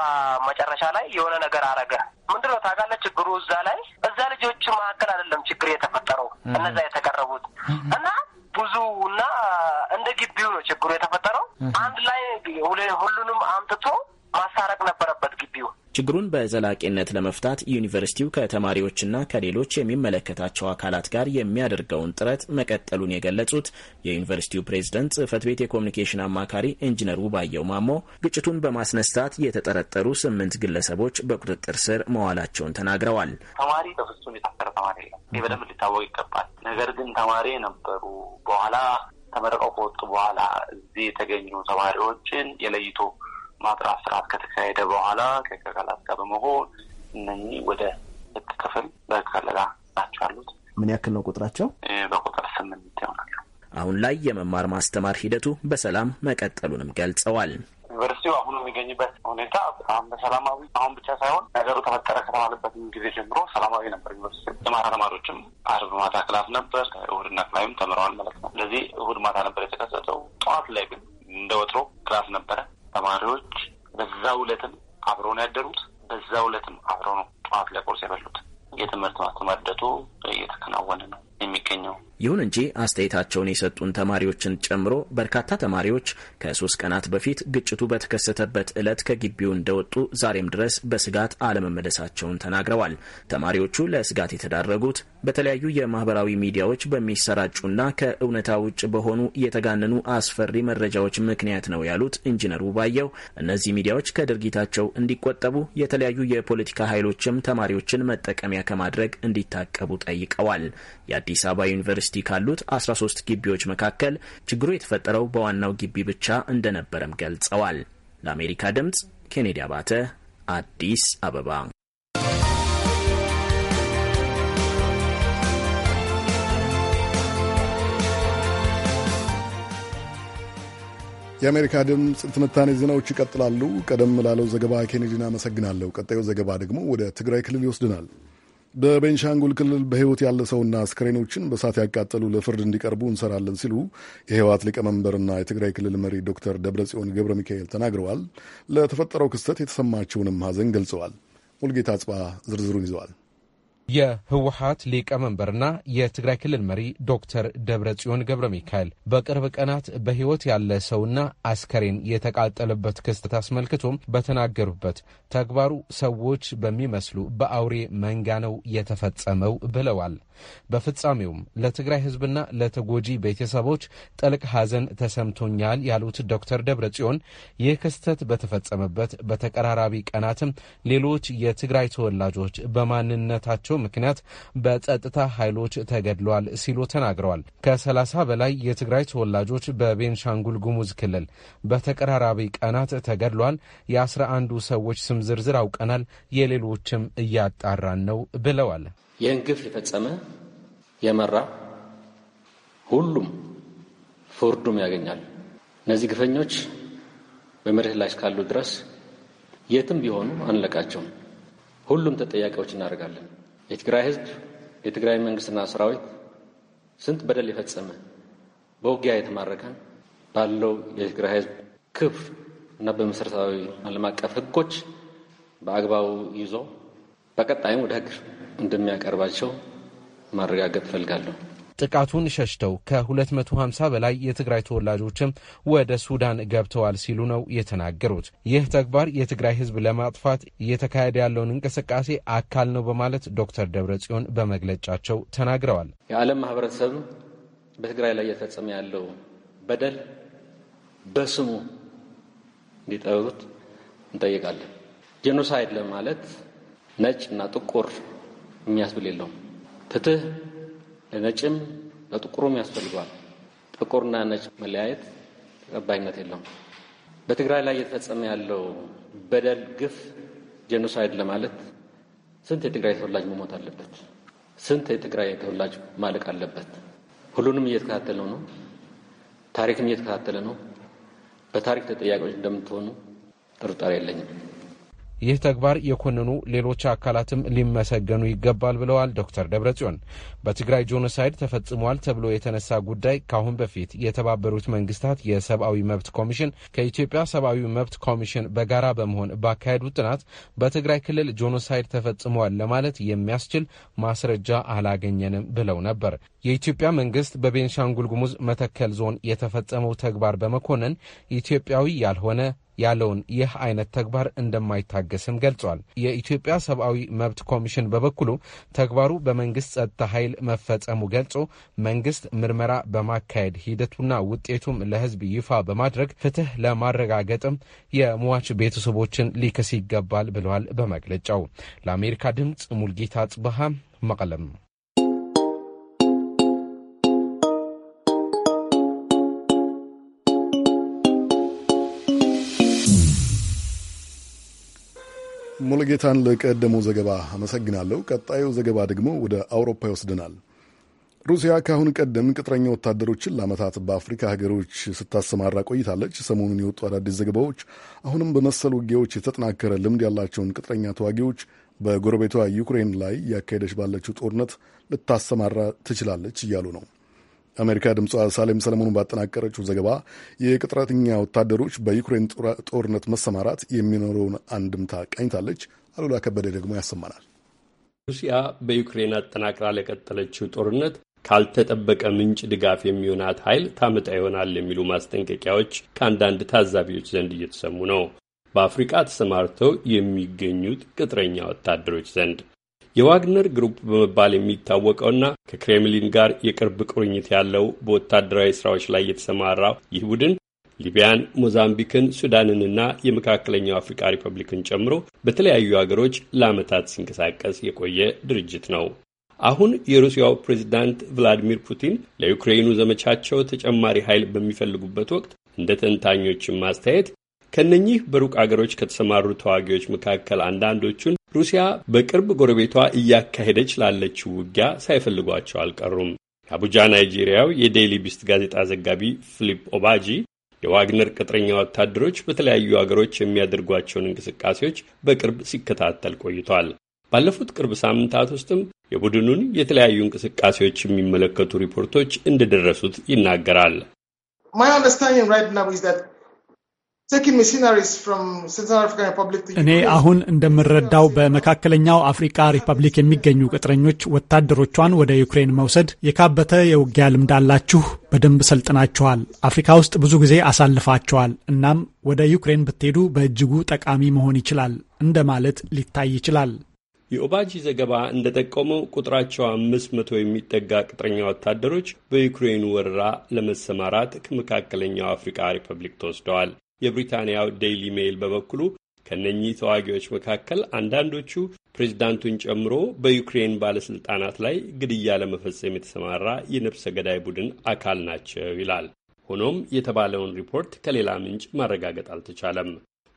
[SPEAKER 11] መጨረሻ ላይ የሆነ ነገር አረገ። ምንድነው ታውቃለህ ችግሩ እዛ ላይ እዛ ልጆች መካከል አይደለም ችግር የተፈጠረው እነዛ የተቀረቡት እና ብዙ እና እንደ ግቢው ነው ችግሩ የተፈጠረው። አንድ ላይ ሁሉንም አምጥቶ ማሳረቅ
[SPEAKER 10] ነበረበት ግቢው ችግሩን በዘላቂነት ለመፍታት ዩኒቨርሲቲው ከተማሪዎችና ከሌሎች የሚመለከታቸው አካላት ጋር የሚያደርገውን ጥረት መቀጠሉን የገለጹት የዩኒቨርሲቲው ፕሬዝደንት ጽህፈት ቤት የኮሚኒኬሽን አማካሪ ኢንጂነር ውባየው ማሞ ግጭቱን በማስነሳት የተጠረጠሩ ስምንት ግለሰቦች በቁጥጥር ስር መዋላቸውን ተናግረዋል።
[SPEAKER 11] ተማሪ በፍጹም የታሰረ ተማሪ የለም። ይህ በደንብ ሊታወቅ ይገባል። ነገር ግን ተማሪ የነበሩ በኋላ ተመርቀው ከወጡ በኋላ እዚህ የተገኙ ተማሪዎችን የለይቶ ማጥራት ስርዓት ከተካሄደ በኋላ ከአካላት ጋር በመሆን እነኚህ ወደ ህግ ክፍል በከለላ ናቸው አሉት።
[SPEAKER 10] ምን ያክል ነው ቁጥራቸው?
[SPEAKER 11] በቁጥር ስምንት
[SPEAKER 10] ይሆናሉ። አሁን ላይ የመማር ማስተማር ሂደቱ በሰላም መቀጠሉንም ገልጸዋል።
[SPEAKER 11] ዩኒቨርሲቲው አሁን የሚገኝበት ሁኔታ በጣም በሰላማዊ አሁን ብቻ ሳይሆን ነገሩ ተፈጠረ ከተባለበት ጊዜ ጀምሮ ሰላማዊ ነበር። ዩኒቨርሲቲ የማታ ተማሪዎችም አርብ ማታ ክላስ ነበር፣ እሁድና ክላይም ተምረዋል ማለት ነው። ስለዚህ እሁድ ማታ ነበር የተከሰተው። ጠዋት ላይ ግን እንደ ወትሮ ክላስ ነበረ። ተማሪዎች በዛ ውለትም አብረው ነው ያደሩት። በዛ ውለትም አብረው ነው ጠዋት ለቁርስ የበሉት። የትምህርት ማስተማር ሂደቱ እየተከናወነ ነው። የሚገኘው።
[SPEAKER 10] ይሁን እንጂ አስተያየታቸውን የሰጡን ተማሪዎችን ጨምሮ በርካታ ተማሪዎች ከሶስት ቀናት በፊት ግጭቱ በተከሰተበት ዕለት ከግቢው እንደወጡ ዛሬም ድረስ በስጋት አለመመለሳቸውን ተናግረዋል። ተማሪዎቹ ለስጋት የተዳረጉት በተለያዩ የማህበራዊ ሚዲያዎች በሚሰራጩና ከእውነታ ውጭ በሆኑ የተጋነኑ አስፈሪ መረጃዎች ምክንያት ነው ያሉት ኢንጂነሩ ባየው እነዚህ ሚዲያዎች ከድርጊታቸው እንዲቆጠቡ የተለያዩ የፖለቲካ ኃይሎችም ተማሪዎችን መጠቀሚያ ከማድረግ እንዲታቀቡ ጠይቀዋል። በአዲስ አበባ ዩኒቨርሲቲ ካሉት 13 ግቢዎች መካከል ችግሩ የተፈጠረው በዋናው ግቢ ብቻ እንደነበረም ገልጸዋል። ለአሜሪካ ድምፅ ኬኔዲ አባተ አዲስ አበባ።
[SPEAKER 1] የአሜሪካ ድምፅ ትንታኔ ዜናዎች ይቀጥላሉ። ቀደም ላለው ዘገባ ኬኔዲን አመሰግናለሁ። ቀጣዩ ዘገባ ደግሞ ወደ ትግራይ ክልል ይወስድናል። በቤንሻንጉል ክልል በሕይወት ያለ ሰውና አስክሬኖችን በሳት ያቃጠሉ ለፍርድ እንዲቀርቡ እንሰራለን ሲሉ የህወሓት ሊቀመንበርና የትግራይ ክልል መሪ ዶክተር ደብረጽዮን ገብረ ሚካኤል ተናግረዋል። ለተፈጠረው ክስተት የተሰማቸውንም ሐዘን ገልጸዋል። ሙልጌታ አጽባ ዝርዝሩን ይዘዋል።
[SPEAKER 12] የህወሀት ሊቀመንበርና የትግራይ ክልል መሪ ዶክተር ደብረ ጽዮን ገብረ ሚካኤል በቅርብ ቀናት በህይወት ያለ ሰውና አስከሬን የተቃጠለበት ክስተት አስመልክቶም በተናገሩበት ተግባሩ ሰዎች በሚመስሉ በአውሬ መንጋ ነው የተፈጸመው ብለዋል። በፍጻሜውም ለትግራይ ህዝብና ለተጎጂ ቤተሰቦች ጥልቅ ሐዘን ተሰምቶኛል ያሉት ዶክተር ደብረ ጽዮን ይህ ክስተት በተፈጸመበት በተቀራራቢ ቀናትም ሌሎች የትግራይ ተወላጆች በማንነታቸው ምክንያት በጸጥታ ኃይሎች ተገድለዋል ሲሉ ተናግረዋል። ከ30 በላይ የትግራይ ተወላጆች በቤንሻንጉል ጉሙዝ ክልል በተቀራራቢ ቀናት ተገድለዋል። 11 ሰዎች ስም ዝርዝር አውቀናል፣ የሌሎችም እያጣራን ነው ብለዋል።
[SPEAKER 13] ይህን ግፍ የፈጸመ የመራ ሁሉም ፍርዱም ያገኛል። እነዚህ ግፈኞች በመሬት ላይ እስካሉ ድረስ የትም ቢሆኑ አንለቃቸውም። ሁሉም ተጠያቂዎች እናደርጋለን። የትግራይ ህዝብ የትግራይ መንግስትና ሰራዊት ስንት በደል የፈጸመ በውጊያ የተማረከ ባለው የትግራይ ህዝብ ክፍ እና በመሰረታዊ ዓለም አቀፍ ህጎች በአግባቡ ይዞ በቀጣይም ወደ ህግ እንደሚያቀርባቸው ማረጋገጥ እፈልጋለሁ።
[SPEAKER 12] ጥቃቱን ሸሽተው ከ250 በላይ የትግራይ ተወላጆችም ወደ ሱዳን ገብተዋል ሲሉ ነው የተናገሩት። ይህ ተግባር የትግራይ ህዝብ ለማጥፋት እየተካሄደ ያለውን እንቅስቃሴ አካል ነው በማለት ዶክተር ደብረጽዮን በመግለጫቸው ተናግረዋል። የዓለም
[SPEAKER 13] ማህበረሰብ በትግራይ ላይ እየተፈጸመ ያለው በደል በስሙ እንዲጠሩት እንጠይቃለን። ጄኖሳይድ ለማለት ነጭ እና ጥቁር የሚያስብል የለውም። ፍትህ ለነጭም ለጥቁሩም ያስፈልገዋል። ጥቁርና ነጭ መለያየት ተቀባይነት የለውም። በትግራይ ላይ እየተፈጸመ ያለው በደል፣ ግፍ ጄኖሳይድ ለማለት ስንት የትግራይ ተወላጅ መሞት አለበት? ስንት የትግራይ ተወላጅ ማለቅ አለበት? ሁሉንም እየተከታተለው ነው። ታሪክም እየተከታተለ ነው። በታሪክ ተጠያቂዎች እንደምትሆኑ ጥርጣሬ የለኝም።
[SPEAKER 12] ይህ ተግባር የኮንኑ ሌሎች አካላትም ሊመሰገኑ ይገባል ብለዋል ዶክተር ደብረጽዮን። በትግራይ ጄኖሳይድ ተፈጽሟል ተብሎ የተነሳ ጉዳይ ካሁን በፊት የተባበሩት መንግስታት የሰብአዊ መብት ኮሚሽን ከኢትዮጵያ ሰብአዊ መብት ኮሚሽን በጋራ በመሆን ባካሄዱት ጥናት በትግራይ ክልል ጄኖሳይድ ተፈጽሟል ለማለት የሚያስችል ማስረጃ አላገኘንም ብለው ነበር። የኢትዮጵያ መንግስት በቤንሻንጉል ጉሙዝ መተከል ዞን የተፈጸመው ተግባር በመኮንን ኢትዮጵያዊ ያልሆነ ያለውን ይህ አይነት ተግባር እንደማይታገስም ገልጿል። የኢትዮጵያ ሰብአዊ መብት ኮሚሽን በበኩሉ ተግባሩ በመንግስት ጸጥታ ኃይል መፈጸሙ ገልጾ መንግስት ምርመራ በማካሄድ ሂደቱና ውጤቱም ለህዝብ ይፋ በማድረግ ፍትህ ለማረጋገጥም የሟች ቤተሰቦችን ሊክስ ይገባል ብለዋል። በመግለጫው ለአሜሪካ ድምፅ ሙልጌታ ጽብሃ መቀለም
[SPEAKER 1] ሙሉጌታን ለቀደመው ዘገባ አመሰግናለሁ። ቀጣዩ ዘገባ ደግሞ ወደ አውሮፓ ይወስደናል። ሩሲያ ከአሁን ቀደም ቅጥረኛ ወታደሮችን ለዓመታት በአፍሪካ ሀገሮች ስታሰማራ ቆይታለች። ሰሞኑን የወጡ አዳዲስ ዘገባዎች አሁንም በመሰል ውጊያዎች የተጠናከረ ልምድ ያላቸውን ቅጥረኛ ተዋጊዎች በጎረቤቷ ዩክሬን ላይ እያካሄደች ባለችው ጦርነት ልታሰማራ ትችላለች እያሉ ነው። የአሜሪካ ድምፅ ሳሌም ሰለሞኑ ባጠናቀረችው ዘገባ የቅጥረተኛ ወታደሮች በዩክሬን ጦርነት መሰማራት የሚኖረውን አንድምታ ቃኝታለች። አሉላ ከበደ ደግሞ ያሰማናል።
[SPEAKER 5] ሩሲያ በዩክሬን አጠናቅራ ለቀጠለችው ጦርነት ካልተጠበቀ ምንጭ ድጋፍ የሚሆናት ኃይል ታመጣ ይሆናል የሚሉ ማስጠንቀቂያዎች ከአንዳንድ ታዛቢዎች ዘንድ እየተሰሙ ነው። በአፍሪቃ ተሰማርተው የሚገኙት ቅጥረኛ ወታደሮች ዘንድ የዋግነር ግሩፕ በመባል የሚታወቀውና ከክሬምሊን ጋር የቅርብ ቁርኝት ያለው በወታደራዊ ስራዎች ላይ የተሰማራው ይህ ቡድን ሊቢያን፣ ሞዛምቢክን፣ ሱዳንንና የመካከለኛው አፍሪካ ሪፐብሊክን ጨምሮ በተለያዩ አገሮች ለዓመታት ሲንቀሳቀስ የቆየ ድርጅት ነው። አሁን የሩሲያው ፕሬዚዳንት ቭላዲሚር ፑቲን ለዩክሬኑ ዘመቻቸው ተጨማሪ ኃይል በሚፈልጉበት ወቅት እንደ ተንታኞችን ማስተያየት ከነኚህ በሩቅ አገሮች ከተሰማሩ ተዋጊዎች መካከል አንዳንዶቹን ሩሲያ በቅርብ ጎረቤቷ እያካሄደች ላለችው ውጊያ ሳይፈልጓቸው አልቀሩም። የአቡጃ ናይጄሪያው የዴይሊ ቢስት ጋዜጣ ዘጋቢ ፊሊፕ ኦባጂ የዋግነር ቅጥረኛ ወታደሮች በተለያዩ አገሮች የሚያደርጓቸውን እንቅስቃሴዎች በቅርብ ሲከታተል ቆይቷል። ባለፉት ቅርብ ሳምንታት ውስጥም የቡድኑን የተለያዩ እንቅስቃሴዎች የሚመለከቱ ሪፖርቶች እንደደረሱት ይናገራል።
[SPEAKER 7] My understanding right now is that
[SPEAKER 2] እኔ አሁን እንደምረዳው በመካከለኛው አፍሪካ ሪፐብሊክ የሚገኙ ቅጥረኞች ወታደሮቿን ወደ ዩክሬን መውሰድ የካበተ የውጊያ ልምድ አላችሁ፣ በደንብ ሰልጥናችኋል፣ አፍሪካ ውስጥ ብዙ ጊዜ አሳልፋችኋል። እናም ወደ ዩክሬን ብትሄዱ በእጅጉ ጠቃሚ መሆን ይችላል እንደ ማለት ሊታይ ይችላል።
[SPEAKER 5] የኦባጂ ዘገባ እንደጠቆመው ቁጥራቸው አምስት መቶ የሚጠጋ ቅጥረኛ ወታደሮች በዩክሬኑ ወረራ ለመሰማራት ከመካከለኛው አፍሪካ ሪፐብሊክ ተወስደዋል። የብሪታንያው ዴይሊ ሜይል በበኩሉ ከነኚህ ተዋጊዎች መካከል አንዳንዶቹ ፕሬዚዳንቱን ጨምሮ በዩክሬን ባለሥልጣናት ላይ ግድያ ለመፈጸም የተሰማራ የነፍሰ ገዳይ ቡድን አካል ናቸው ይላል። ሆኖም የተባለውን ሪፖርት ከሌላ ምንጭ ማረጋገጥ አልተቻለም።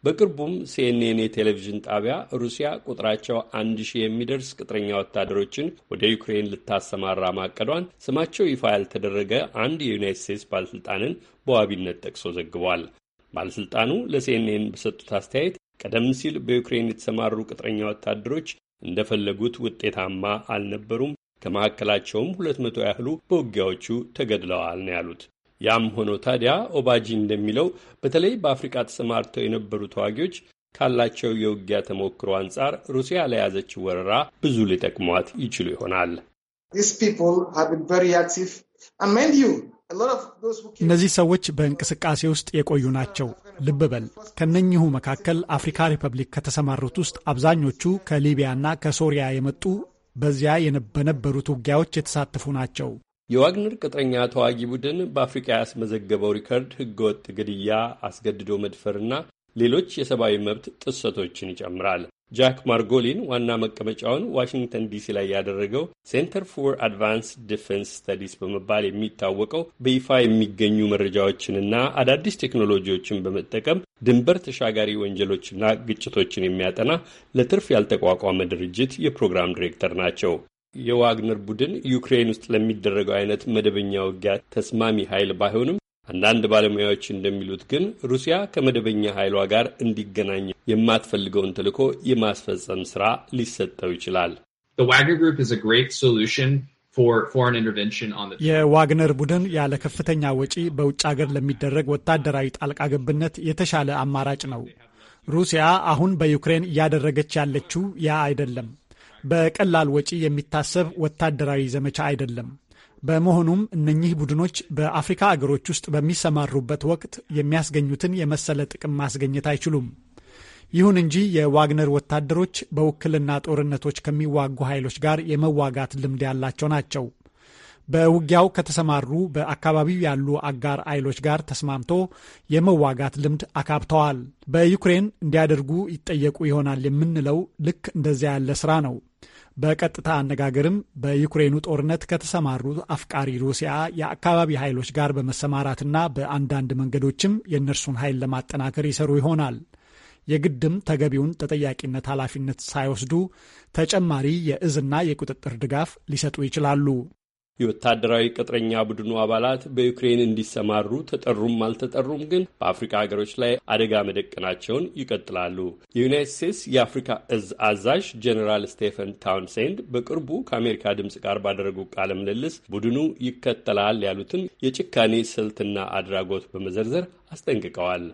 [SPEAKER 5] በቅርቡም ሲኤንኤን የቴሌቪዥን ጣቢያ ሩሲያ ቁጥራቸው አንድ ሺህ የሚደርስ ቅጥረኛ ወታደሮችን ወደ ዩክሬን ልታሰማራ ማቀዷን ስማቸው ይፋ ያልተደረገ አንድ የዩናይት ስቴትስ ባለሥልጣንን በዋቢነት ጠቅሶ ዘግቧል። ባለሥልጣኑ ለሲኤንኤን በሰጡት አስተያየት ቀደም ሲል በዩክሬን የተሰማሩ ቅጥረኛ ወታደሮች እንደፈለጉት ውጤታማ አልነበሩም፣ ከመካከላቸውም ሁለት መቶ ያህሉ በውጊያዎቹ ተገድለዋል ነው ያሉት። ያም ሆኖ ታዲያ ኦባጂ እንደሚለው በተለይ በአፍሪቃ ተሰማርተው የነበሩ ተዋጊዎች ካላቸው የውጊያ ተሞክሮ አንጻር ሩሲያ ለያዘችው ወረራ ብዙ ሊጠቅሟት ይችሉ ይሆናል።
[SPEAKER 2] እነዚህ ሰዎች በእንቅስቃሴ ውስጥ የቆዩ ናቸው። ልብ በል ከነኚሁ መካከል አፍሪካ ሪፐብሊክ ከተሰማሩት ውስጥ አብዛኞቹ ከሊቢያና ከሶሪያ የመጡ በዚያ በነበሩት ውጊያዎች የተሳተፉ ናቸው።
[SPEAKER 5] የዋግነር ቅጥረኛ ተዋጊ ቡድን በአፍሪካ ያስመዘገበው ሪከርድ ህገወጥ ግድያ፣ አስገድዶ መድፈርና ሌሎች የሰብአዊ መብት ጥሰቶችን ይጨምራል። ጃክ ማርጎሊን ዋና መቀመጫውን ዋሽንግተን ዲሲ ላይ ያደረገው ሴንተር ፎር አድቫንስ ዲፌንስ ስተዲስ በመባል የሚታወቀው በይፋ የሚገኙ መረጃዎችንና አዳዲስ ቴክኖሎጂዎችን በመጠቀም ድንበር ተሻጋሪ ወንጀሎችና ግጭቶችን የሚያጠና ለትርፍ ያልተቋቋመ ድርጅት የፕሮግራም ዲሬክተር ናቸው። የዋግነር ቡድን ዩክሬን ውስጥ ለሚደረገው አይነት መደበኛ ውጊያ ተስማሚ ኃይል ባይሆንም አንዳንድ ባለሙያዎች እንደሚሉት ግን ሩሲያ ከመደበኛ ኃይሏ ጋር እንዲገናኝ የማትፈልገውን ተልዕኮ የማስፈጸም ስራ ሊሰጠው ይችላል።
[SPEAKER 2] የዋግነር ቡድን ያለ ከፍተኛ ወጪ በውጭ ሀገር ለሚደረግ ወታደራዊ ጣልቃ ገብነት የተሻለ አማራጭ ነው። ሩሲያ አሁን በዩክሬን እያደረገች ያለችው ያ አይደለም። በቀላል ወጪ የሚታሰብ ወታደራዊ ዘመቻ አይደለም። በመሆኑም እነኚህ ቡድኖች በአፍሪካ አገሮች ውስጥ በሚሰማሩበት ወቅት የሚያስገኙትን የመሰለ ጥቅም ማስገኘት አይችሉም። ይሁን እንጂ የዋግነር ወታደሮች በውክልና ጦርነቶች ከሚዋጉ ኃይሎች ጋር የመዋጋት ልምድ ያላቸው ናቸው። በውጊያው ከተሰማሩ በአካባቢው ያሉ አጋር ኃይሎች ጋር ተስማምቶ የመዋጋት ልምድ አካብተዋል። በዩክሬን እንዲያደርጉ ይጠየቁ ይሆናል የምንለው ልክ እንደዚያ ያለ ስራ ነው። በቀጥታ አነጋገርም በዩክሬኑ ጦርነት ከተሰማሩ አፍቃሪ ሩሲያ የአካባቢ ኃይሎች ጋር በመሰማራትና በአንዳንድ መንገዶችም የእነርሱን ኃይል ለማጠናከር ይሰሩ ይሆናል። የግድም ተገቢውን ተጠያቂነት ኃላፊነት ሳይወስዱ ተጨማሪ የእዝና የቁጥጥር ድጋፍ ሊሰጡ ይችላሉ።
[SPEAKER 5] የወታደራዊ ቅጥረኛ ቡድኑ አባላት በዩክሬን እንዲሰማሩ ተጠሩም አልተጠሩም ግን በአፍሪካ ሀገሮች ላይ አደጋ መደቀናቸውን ይቀጥላሉ። የዩናይትድ ስቴትስ የአፍሪካ እዝ አዛዥ ጀኔራል ስቴፈን ታውንሴንድ በቅርቡ ከአሜሪካ ድምፅ ጋር ባደረጉ ቃለ ምልልስ ቡድኑ ይከተላል ያሉትን የጭካኔ ስልትና አድራጎት በመዘርዘር አስጠንቅቀዋል።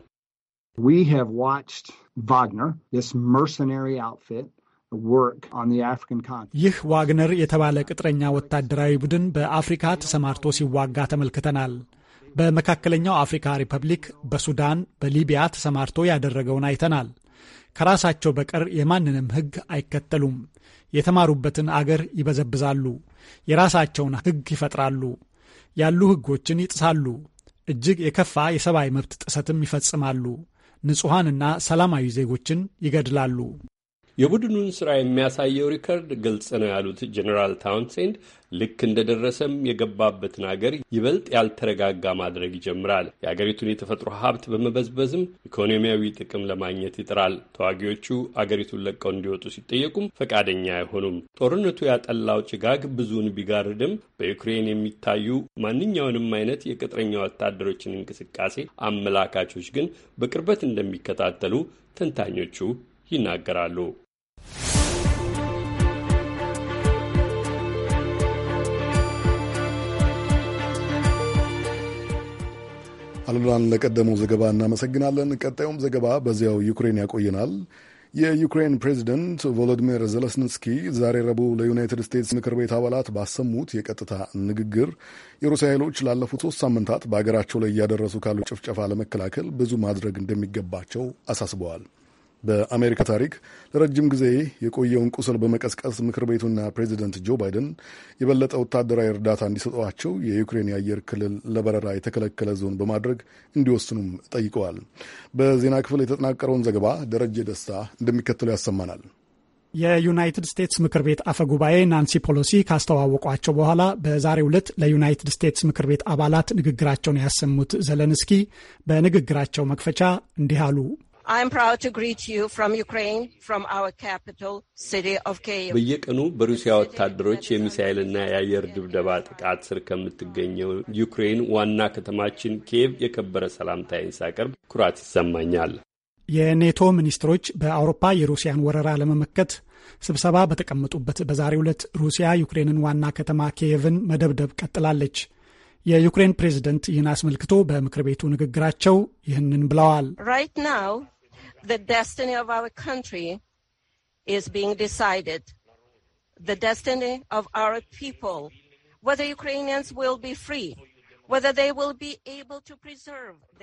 [SPEAKER 9] We have watched Wagner, this mercenary outfit,
[SPEAKER 2] ይህ ዋግነር የተባለ ቅጥረኛ ወታደራዊ ቡድን በአፍሪካ ተሰማርቶ ሲዋጋ ተመልክተናል። በመካከለኛው አፍሪካ ሪፐብሊክ፣ በሱዳን፣ በሊቢያ ተሰማርቶ ያደረገውን አይተናል። ከራሳቸው በቀር የማንንም ሕግ አይከተሉም። የተማሩበትን አገር ይበዘብዛሉ። የራሳቸውን ሕግ ይፈጥራሉ። ያሉ ሕጎችን ይጥሳሉ። እጅግ የከፋ የሰብአዊ መብት ጥሰትም ይፈጽማሉ። ንጹሐንና ሰላማዊ ዜጎችን ይገድላሉ። የቡድኑን ስራ
[SPEAKER 5] የሚያሳየው ሪከርድ ግልጽ ነው ያሉት ጀኔራል ታውንሴንድ ልክ እንደደረሰም የገባበትን አገር ይበልጥ ያልተረጋጋ ማድረግ ይጀምራል። የአገሪቱን የተፈጥሮ ሀብት በመበዝበዝም ኢኮኖሚያዊ ጥቅም ለማግኘት ይጥራል። ተዋጊዎቹ አገሪቱን ለቀው እንዲወጡ ሲጠየቁም ፈቃደኛ አይሆኑም። ጦርነቱ ያጠላው ጭጋግ ብዙውን ቢጋርድም በዩክሬን የሚታዩ ማንኛውንም አይነት የቅጥረኛ ወታደሮችን እንቅስቃሴ አመላካቾች ግን በቅርበት እንደሚከታተሉ ተንታኞቹ ይናገራሉ።
[SPEAKER 1] አሉላን ለቀደመው ዘገባ እናመሰግናለን። ቀጣዩም ዘገባ በዚያው ዩክሬን ያቆየናል። የዩክሬን ፕሬዚደንት ቮሎዲሚር ዘለንስኪ ዛሬ ረቡዕ ለዩናይትድ ስቴትስ ምክር ቤት አባላት ባሰሙት የቀጥታ ንግግር የሩሲያ ኃይሎች ላለፉት ሶስት ሳምንታት በሀገራቸው ላይ እያደረሱ ካሉ ጭፍጨፋ ለመከላከል ብዙ ማድረግ እንደሚገባቸው አሳስበዋል። በአሜሪካ ታሪክ ለረጅም ጊዜ የቆየውን ቁስል በመቀስቀስ ምክር ቤቱና ፕሬዚደንት ጆ ባይደን የበለጠ ወታደራዊ እርዳታ እንዲሰጧቸው የዩክሬን የአየር ክልል ለበረራ የተከለከለ ዞን በማድረግ እንዲወስኑም ጠይቀዋል። በዜና ክፍል የተጠናቀረውን ዘገባ ደረጀ ደስታ እንደሚከተለው ያሰማናል።
[SPEAKER 2] የዩናይትድ ስቴትስ ምክር ቤት አፈ ጉባኤ ናንሲ ፖሎሲ ካስተዋወቋቸው በኋላ በዛሬው ዕለት ለዩናይትድ ስቴትስ ምክር ቤት አባላት ንግግራቸውን ያሰሙት ዘለንስኪ በንግግራቸው መክፈቻ እንዲህ አሉ።
[SPEAKER 5] በየቀኑ በሩሲያ ወታደሮች የሚሳኤልና የአየር ድብደባ ጥቃት ስር ከምትገኘው ዩክሬን ዋና ከተማችን ኪየቭ የከበረ ሰላምታዬን ሳቀርብ ኩራት ይሰማኛል።
[SPEAKER 2] የኔቶ ሚኒስትሮች በአውሮፓ የሩሲያን ወረራ ለመመከት ስብሰባ በተቀመጡበት በዛሬው ዕለት ሩሲያ ዩክሬንን ዋና ከተማ ኪየቭን መደብደብ ቀጥላለች። የዩክሬን the ይህን አስመልክቶ በምክር ቤቱ ንግግራቸው ይህንን ብለዋል።
[SPEAKER 8] The destiny of our people, whether Ukrainians will be free.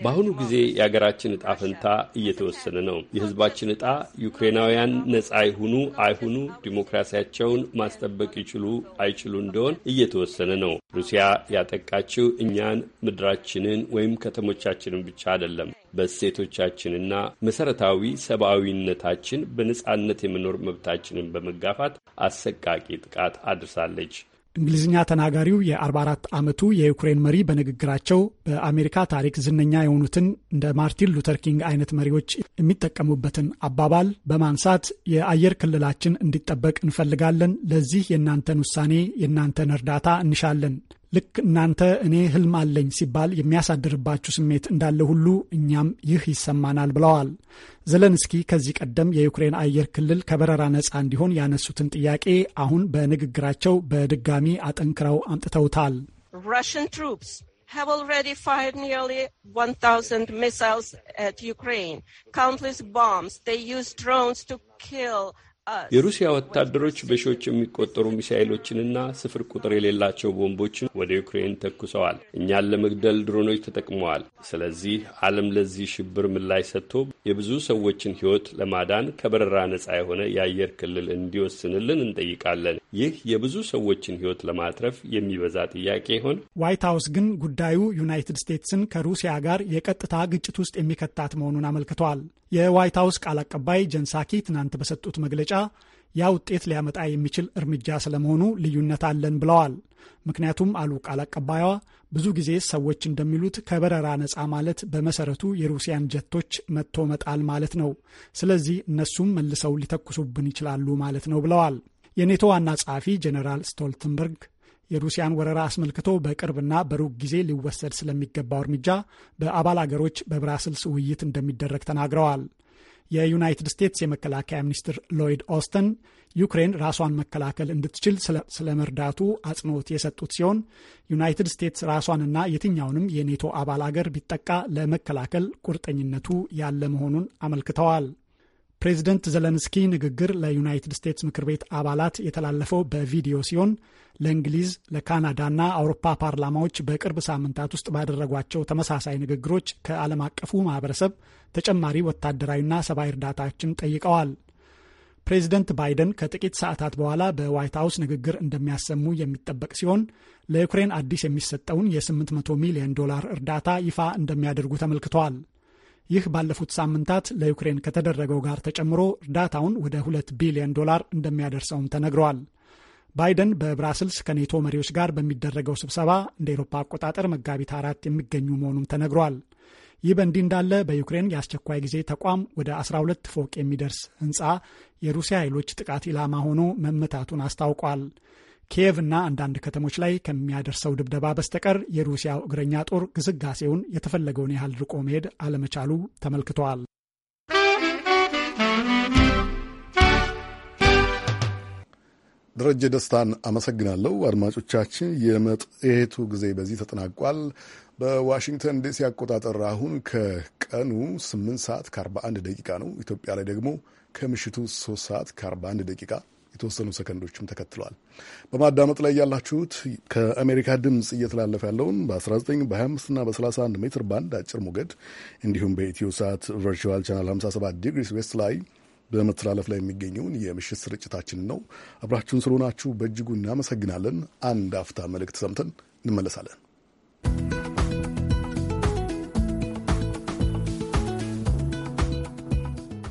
[SPEAKER 5] በአሁኑ ጊዜ የሀገራችን እጣ ፈንታ እየተወሰነ ነው። የህዝባችን እጣ ዩክሬናውያን ነፃ ይሁኑ አይሁኑ፣ ዲሞክራሲያቸውን ማስጠበቅ ይችሉ አይችሉ እንደሆን እየተወሰነ ነው። ሩሲያ ያጠቃችው እኛን፣ ምድራችንን ወይም ከተሞቻችንን ብቻ አይደለም። በሴቶቻችንና መሰረታዊ ሰብአዊነታችን በነጻነት የመኖር መብታችንን በመጋፋት አሰቃቂ ጥቃት አድርሳለች።
[SPEAKER 2] እንግሊዝኛ ተናጋሪው የ44 ዓመቱ የዩክሬን መሪ በንግግራቸው በአሜሪካ ታሪክ ዝነኛ የሆኑትን እንደ ማርቲን ሉተር ኪንግ አይነት መሪዎች የሚጠቀሙበትን አባባል በማንሳት የአየር ክልላችን እንዲጠበቅ እንፈልጋለን፣ ለዚህ የእናንተን ውሳኔ፣ የእናንተን እርዳታ እንሻለን ልክ እናንተ እኔ ህልም አለኝ ሲባል የሚያሳድርባችሁ ስሜት እንዳለ ሁሉ እኛም ይህ ይሰማናል ብለዋል። ዘለንስኪ ከዚህ ቀደም የዩክሬን አየር ክልል ከበረራ ነፃ እንዲሆን ያነሱትን ጥያቄ አሁን በንግግራቸው በድጋሚ አጠንክረው አምጥተውታል።
[SPEAKER 8] have already fired nearly 1,000 missiles at Ukraine, countless bombs. They used drones
[SPEAKER 5] የሩሲያ ወታደሮች በሺዎች የሚቆጠሩ ሚሳይሎችንና ስፍር ቁጥር የሌላቸው ቦምቦችን ወደ ዩክሬን ተኩሰዋል። እኛን ለመግደል ድሮኖች ተጠቅመዋል። ስለዚህ ዓለም ለዚህ ሽብር ምላሽ ሰጥቶ የብዙ ሰዎችን ሕይወት ለማዳን ከበረራ ነጻ የሆነ የአየር ክልል እንዲወስንልን እንጠይቃለን። ይህ የብዙ ሰዎችን ሕይወት ለማትረፍ የሚበዛ ጥያቄ ይሆን?
[SPEAKER 2] ዋይት ሀውስ ግን ጉዳዩ ዩናይትድ ስቴትስን ከሩሲያ ጋር የቀጥታ ግጭት ውስጥ የሚከታት መሆኑን አመልክቷል። የዋይት ሀውስ ቃል አቀባይ ጀንሳኪ ትናንት በሰጡት መግለጫ ያ ውጤት ሊያመጣ የሚችል እርምጃ ስለመሆኑ ልዩነት አለን ብለዋል። ምክንያቱም አሉ ቃል አቀባይዋ፣ ብዙ ጊዜ ሰዎች እንደሚሉት ከበረራ ነፃ ማለት በመሰረቱ የሩሲያን ጀቶች መጥቶ መጣል ማለት ነው። ስለዚህ እነሱም መልሰው ሊተኩሱብን ይችላሉ ማለት ነው ብለዋል። የኔቶ ዋና ጸሐፊ ጀኔራል ስቶልተንበርግ የሩሲያን ወረራ አስመልክቶ በቅርብና በሩቅ ጊዜ ሊወሰድ ስለሚገባው እርምጃ በአባል አገሮች በብራስልስ ውይይት እንደሚደረግ ተናግረዋል። የዩናይትድ ስቴትስ የመከላከያ ሚኒስትር ሎይድ ኦስተን ዩክሬን ራሷን መከላከል እንድትችል ስለመርዳቱ አጽንኦት የሰጡት ሲሆን ዩናይትድ ስቴትስ ራሷንና የትኛውንም የኔቶ አባል አገር ቢጠቃ ለመከላከል ቁርጠኝነቱ ያለ መሆኑን አመልክተዋል። ፕሬዚደንት ዘለንስኪ ንግግር ለዩናይትድ ስቴትስ ምክር ቤት አባላት የተላለፈው በቪዲዮ ሲሆን ለእንግሊዝ፣ ለካናዳና አውሮፓ ፓርላማዎች በቅርብ ሳምንታት ውስጥ ባደረጓቸው ተመሳሳይ ንግግሮች ከዓለም አቀፉ ማህበረሰብ ተጨማሪ ወታደራዊና ሰብአዊ እርዳታዎችን ጠይቀዋል። ፕሬዚደንት ባይደን ከጥቂት ሰዓታት በኋላ በዋይት ሀውስ ንግግር እንደሚያሰሙ የሚጠበቅ ሲሆን ለዩክሬን አዲስ የሚሰጠውን የ800 ሚሊዮን ዶላር እርዳታ ይፋ እንደሚያደርጉ ተመልክተዋል። ይህ ባለፉት ሳምንታት ለዩክሬን ከተደረገው ጋር ተጨምሮ እርዳታውን ወደ 2 ቢሊዮን ዶላር እንደሚያደርሰውም ተነግረዋል። ባይደን በብራስልስ ከኔቶ መሪዎች ጋር በሚደረገው ስብሰባ እንደ ኤሮፓ አቆጣጠር መጋቢት አራት የሚገኙ መሆኑም ተነግሯል። ይህ በእንዲህ እንዳለ በዩክሬን የአስቸኳይ ጊዜ ተቋም ወደ 12 ፎቅ የሚደርስ ህንፃ የሩሲያ ኃይሎች ጥቃት ኢላማ ሆኖ መመታቱን አስታውቋል። እና አንዳንድ ከተሞች ላይ ከሚያደርሰው ድብደባ በስተቀር የሩሲያ እግረኛ ጦር ግስጋሴውን የተፈለገውን ያህል ርቆ መሄድ አለመቻሉ ተመልክተዋል።
[SPEAKER 1] ደረጀ ደስታን አመሰግናለሁ። አድማጮቻችን፣ የመጽሔቱ ጊዜ በዚህ ተጠናቋል። በዋሽንግተን ዲሲ አቆጣጠር አሁን ከቀኑ 8 ሰዓት ከ41 ደቂቃ ነው። ኢትዮጵያ ላይ ደግሞ ከምሽቱ 3 ሰዓት ከ41 ደቂቃ የተወሰኑ ሰከንዶችም ተከትለዋል። በማዳመጥ ላይ ያላችሁት ከአሜሪካ ድምፅ እየተላለፈ ያለውን በ19 በ25 እና በ31 ሜትር ባንድ አጭር ሞገድ እንዲሁም በኢትዮ ሰዓት ቨርቹዋል ቻናል 57 ዲግሪስ ዌስት ላይ በመተላለፍ ላይ የሚገኘውን የምሽት ስርጭታችን ነው። አብራችሁን ስለሆናችሁ በእጅጉ እናመሰግናለን። አንድ አፍታ መልእክት ሰምተን እንመለሳለን።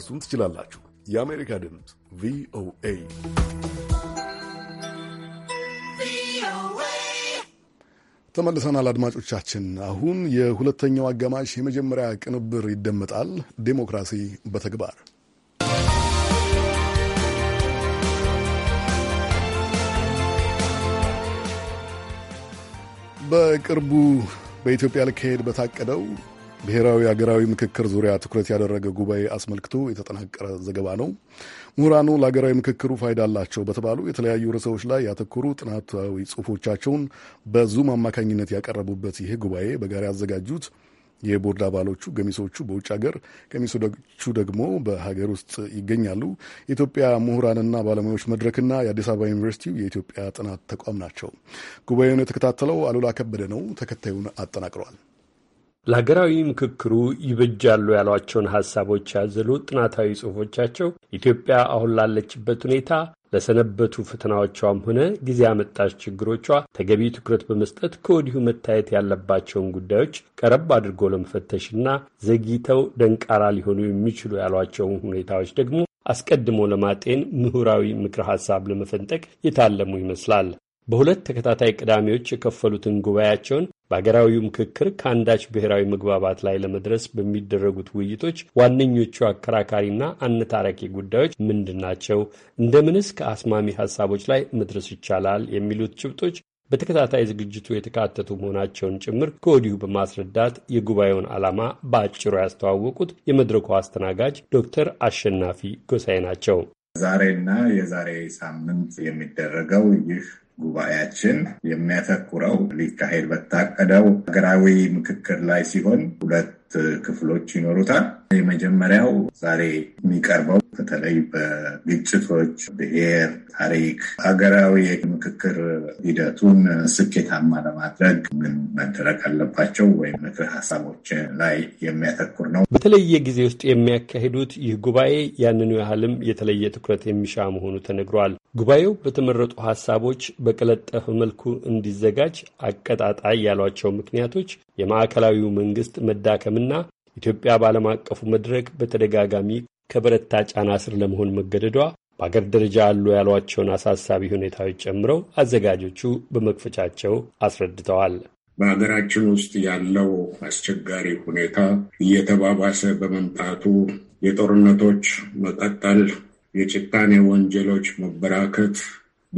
[SPEAKER 1] ልታደርሱን ትችላላችሁ። የአሜሪካ ድምፅ ቪኦኤ ተመልሰናል። አድማጮቻችን፣ አሁን የሁለተኛው አጋማሽ የመጀመሪያ ቅንብር ይደመጣል። ዴሞክራሲ በተግባር በቅርቡ በኢትዮጵያ ሊካሄድ በታቀደው ብሔራዊ ሀገራዊ ምክክር ዙሪያ ትኩረት ያደረገ ጉባኤ አስመልክቶ የተጠናቀረ ዘገባ ነው። ምሁራኑ ለሀገራዊ ምክክሩ ፋይዳ አላቸው በተባሉ የተለያዩ ርዕሶች ላይ ያተኮሩ ጥናታዊ ጽሁፎቻቸውን በዙም አማካኝነት ያቀረቡበት ይህ ጉባኤ በጋራ ያዘጋጁት የቦርድ አባሎቹ ገሚሶቹ በውጭ ሀገር ገሚሶቹ ደግሞ በሀገር ውስጥ ይገኛሉ። የኢትዮጵያ ምሁራንና ባለሙያዎች መድረክና የአዲስ አበባ ዩኒቨርሲቲው የኢትዮጵያ ጥናት ተቋም ናቸው። ጉባኤውን የተከታተለው አሉላ ከበደ ነው። ተከታዩን አጠናቅረዋል።
[SPEAKER 5] ለሀገራዊ ምክክሩ ይበጃሉ ያሏቸውን ሀሳቦች ያዘሉ ጥናታዊ ጽሑፎቻቸው ኢትዮጵያ አሁን ላለችበት ሁኔታ ለሰነበቱ ፈተናዎቿም ሆነ ጊዜ አመጣሽ ችግሮቿ ተገቢ ትኩረት በመስጠት ከወዲሁ መታየት ያለባቸውን ጉዳዮች ቀረብ አድርጎ ለመፈተሽና ዘግይተው ደንቃራ ሊሆኑ የሚችሉ ያሏቸውን ሁኔታዎች ደግሞ አስቀድሞ ለማጤን ምሁራዊ ምክረ ሐሳብ ለመፈንጠቅ የታለሙ ይመስላል። በሁለት ተከታታይ ቅዳሜዎች የከፈሉትን ጉባኤያቸውን በአገራዊው ምክክር ከአንዳች ብሔራዊ መግባባት ላይ ለመድረስ በሚደረጉት ውይይቶች ዋነኞቹ አከራካሪና አነታራኪ ጉዳዮች ምንድን ናቸው? እንደምንስ ከአስማሚ ሀሳቦች ላይ መድረስ ይቻላል? የሚሉት ጭብጦች በተከታታይ ዝግጅቱ የተካተቱ መሆናቸውን ጭምር ከወዲሁ በማስረዳት የጉባኤውን ዓላማ በአጭሩ ያስተዋወቁት የመድረኩ አስተናጋጅ ዶክተር አሸናፊ ጎሳይ ናቸው።
[SPEAKER 6] ዛሬና የዛሬ ሳምንት የሚደረገው ይህ ጉባኤያችን የሚያተኩረው ሊካሄድ በታቀደው ሀገራዊ ምክክር ላይ ሲሆን ሁለት Uh, ክፍሎች ይኖሩታል። የመጀመሪያው ዛሬ የሚቀርበው በተለይ በግጭቶች፣ ብሔር፣ ታሪክ፣ ሀገራዊ የምክክር ሂደቱን ስኬታማ ለማድረግ ምን መደረግ አለባቸው ወይም ምክር ሀሳቦች ላይ የሚያተኩር
[SPEAKER 5] ነው። በተለየ ጊዜ ውስጥ የሚያካሂዱት ይህ ጉባኤ ያንኑ ያህልም የተለየ ትኩረት የሚሻ መሆኑ ተነግሯል። ጉባኤው በተመረጡ ሀሳቦች በቀለጠፈ መልኩ እንዲዘጋጅ አቀጣጣይ ያሏቸው ምክንያቶች የማዕከላዊው መንግስት መዳከምን መቆምና ኢትዮጵያ በዓለም አቀፉ መድረክ በተደጋጋሚ ከበረታ ጫና ስር ለመሆን መገደዷ በአገር ደረጃ አሉ ያሏቸውን አሳሳቢ ሁኔታዎች ጨምረው አዘጋጆቹ በመክፈቻቸው አስረድተዋል።
[SPEAKER 6] በሀገራችን ውስጥ ያለው አስቸጋሪ ሁኔታ እየተባባሰ በመምጣቱ የጦርነቶች መቀጠል፣ የጭካኔ ወንጀሎች መበራከት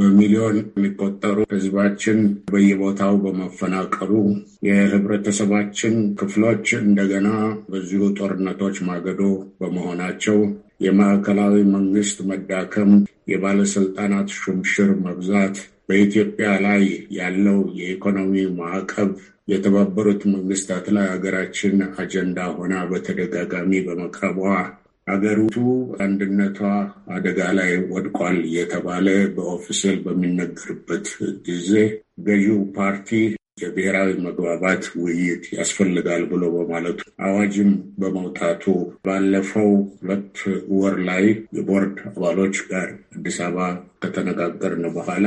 [SPEAKER 6] በሚሊዮን የሚቆጠሩ ህዝባችን በየቦታው በመፈናቀሉ የህብረተሰባችን ክፍሎች እንደገና በዚሁ ጦርነቶች ማገዶ በመሆናቸው የማዕከላዊ መንግስት መዳከም፣ የባለስልጣናት ሹምሽር መብዛት፣ በኢትዮጵያ ላይ ያለው የኢኮኖሚ ማዕቀብ የተባበሩት መንግስታት ላይ ሀገራችን አጀንዳ ሆና በተደጋጋሚ በመቅረቧ ሀገሪቱ አንድነቷ አደጋ ላይ ወድቋል እየተባለ በኦፊሴል በሚነገርበት ጊዜ ገዢው ፓርቲ የብሔራዊ መግባባት ውይይት ያስፈልጋል ብሎ በማለቱ አዋጅም በመውጣቱ ባለፈው ሁለት ወር ላይ የቦርድ አባሎች ጋር አዲስ አበባ ከተነጋገርን በኋላ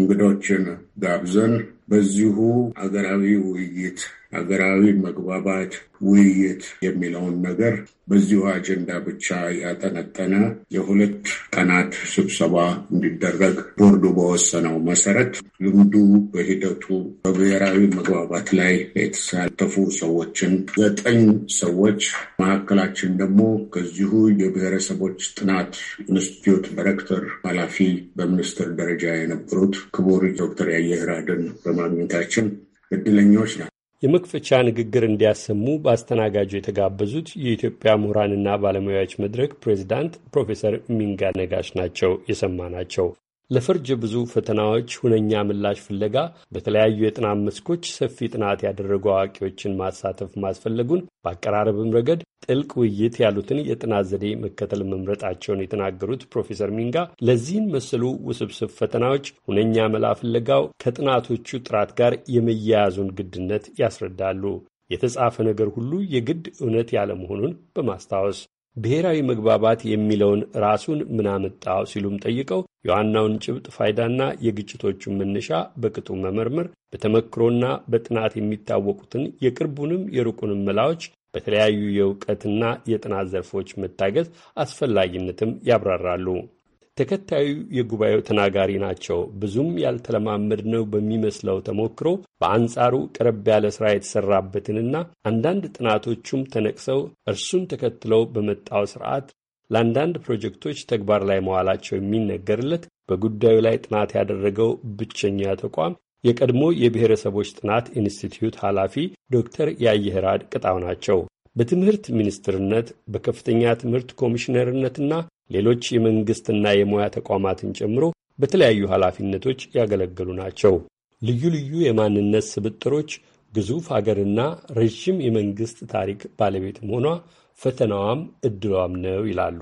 [SPEAKER 6] እንግዶችን ጋብዘን በዚሁ አገራዊ ውይይት አገራዊ መግባባት ውይይት የሚለውን ነገር በዚሁ አጀንዳ ብቻ ያጠነጠነ የሁለት ቀናት ስብሰባ እንዲደረግ ቦርዱ በወሰነው መሰረት ልምዱ በሂደቱ በብሔራዊ መግባባት ላይ የተሳተፉ ሰዎችን ዘጠኝ ሰዎች መካከላችን ደግሞ ከዚሁ የብሔረሰቦች ጥናት ኢንስቲትዩት ዳይሬክተር ኃላፊ በሚኒስትር ደረጃ የነበሩት ክቡር ዶክተር ያየህራድን በማግኘታችን እድለኛዎች ናቸው።
[SPEAKER 5] የመክፈቻ ንግግር እንዲያሰሙ በአስተናጋጁ የተጋበዙት የኢትዮጵያ ምሁራንና ባለሙያዎች መድረክ ፕሬዚዳንት ፕሮፌሰር ሚንጋ ነጋሽ ናቸው የሰማ ናቸው። ለፈርጀ ብዙ ፈተናዎች ሁነኛ ምላሽ ፍለጋ በተለያዩ የጥናት መስኮች ሰፊ ጥናት ያደረጉ አዋቂዎችን ማሳተፍ ማስፈለጉን በአቀራረብም ረገድ ጥልቅ ውይይት ያሉትን የጥናት ዘዴ መከተል መምረጣቸውን የተናገሩት ፕሮፌሰር ሚንጋ ለዚህን መሰሉ ውስብስብ ፈተናዎች ሁነኛ መላ ፍለጋው ከጥናቶቹ ጥራት ጋር የመያያዙን ግድነት ያስረዳሉ። የተጻፈ ነገር ሁሉ የግድ እውነት ያለመሆኑን በማስታወስ ብሔራዊ መግባባት የሚለውን ራሱን ምናመጣው ሲሉም ጠይቀው የዋናውን ጭብጥ ፋይዳና የግጭቶቹን መነሻ በቅጡ መመርመር በተመክሮና በጥናት የሚታወቁትን የቅርቡንም የሩቁንም መላዎች በተለያዩ የእውቀትና የጥናት ዘርፎች መታገዝ አስፈላጊነትም ያብራራሉ። ተከታዩ የጉባኤው ተናጋሪ ናቸው። ብዙም ያልተለማመድ ነው በሚመስለው ተሞክሮ በአንጻሩ ቀረብ ያለ ሥራ የተሠራበትንና አንዳንድ ጥናቶቹም ተነቅሰው እርሱን ተከትለው በመጣው ሥርዓት ለአንዳንድ ፕሮጀክቶች ተግባር ላይ መዋላቸው የሚነገርለት በጉዳዩ ላይ ጥናት ያደረገው ብቸኛ ተቋም የቀድሞ የብሔረሰቦች ጥናት ኢንስቲትዩት ኃላፊ ዶክተር ያየህራድ ቅጣው ናቸው። በትምህርት ሚኒስትርነት በከፍተኛ ትምህርት ኮሚሽነርነትና ሌሎች የመንግሥትና የሙያ ተቋማትን ጨምሮ በተለያዩ ኃላፊነቶች ያገለገሉ ናቸው። ልዩ ልዩ የማንነት ስብጥሮች ግዙፍ ሀገርና ረዥም የመንግሥት ታሪክ ባለቤት መሆኗ ፈተናዋም እድሏም ነው ይላሉ።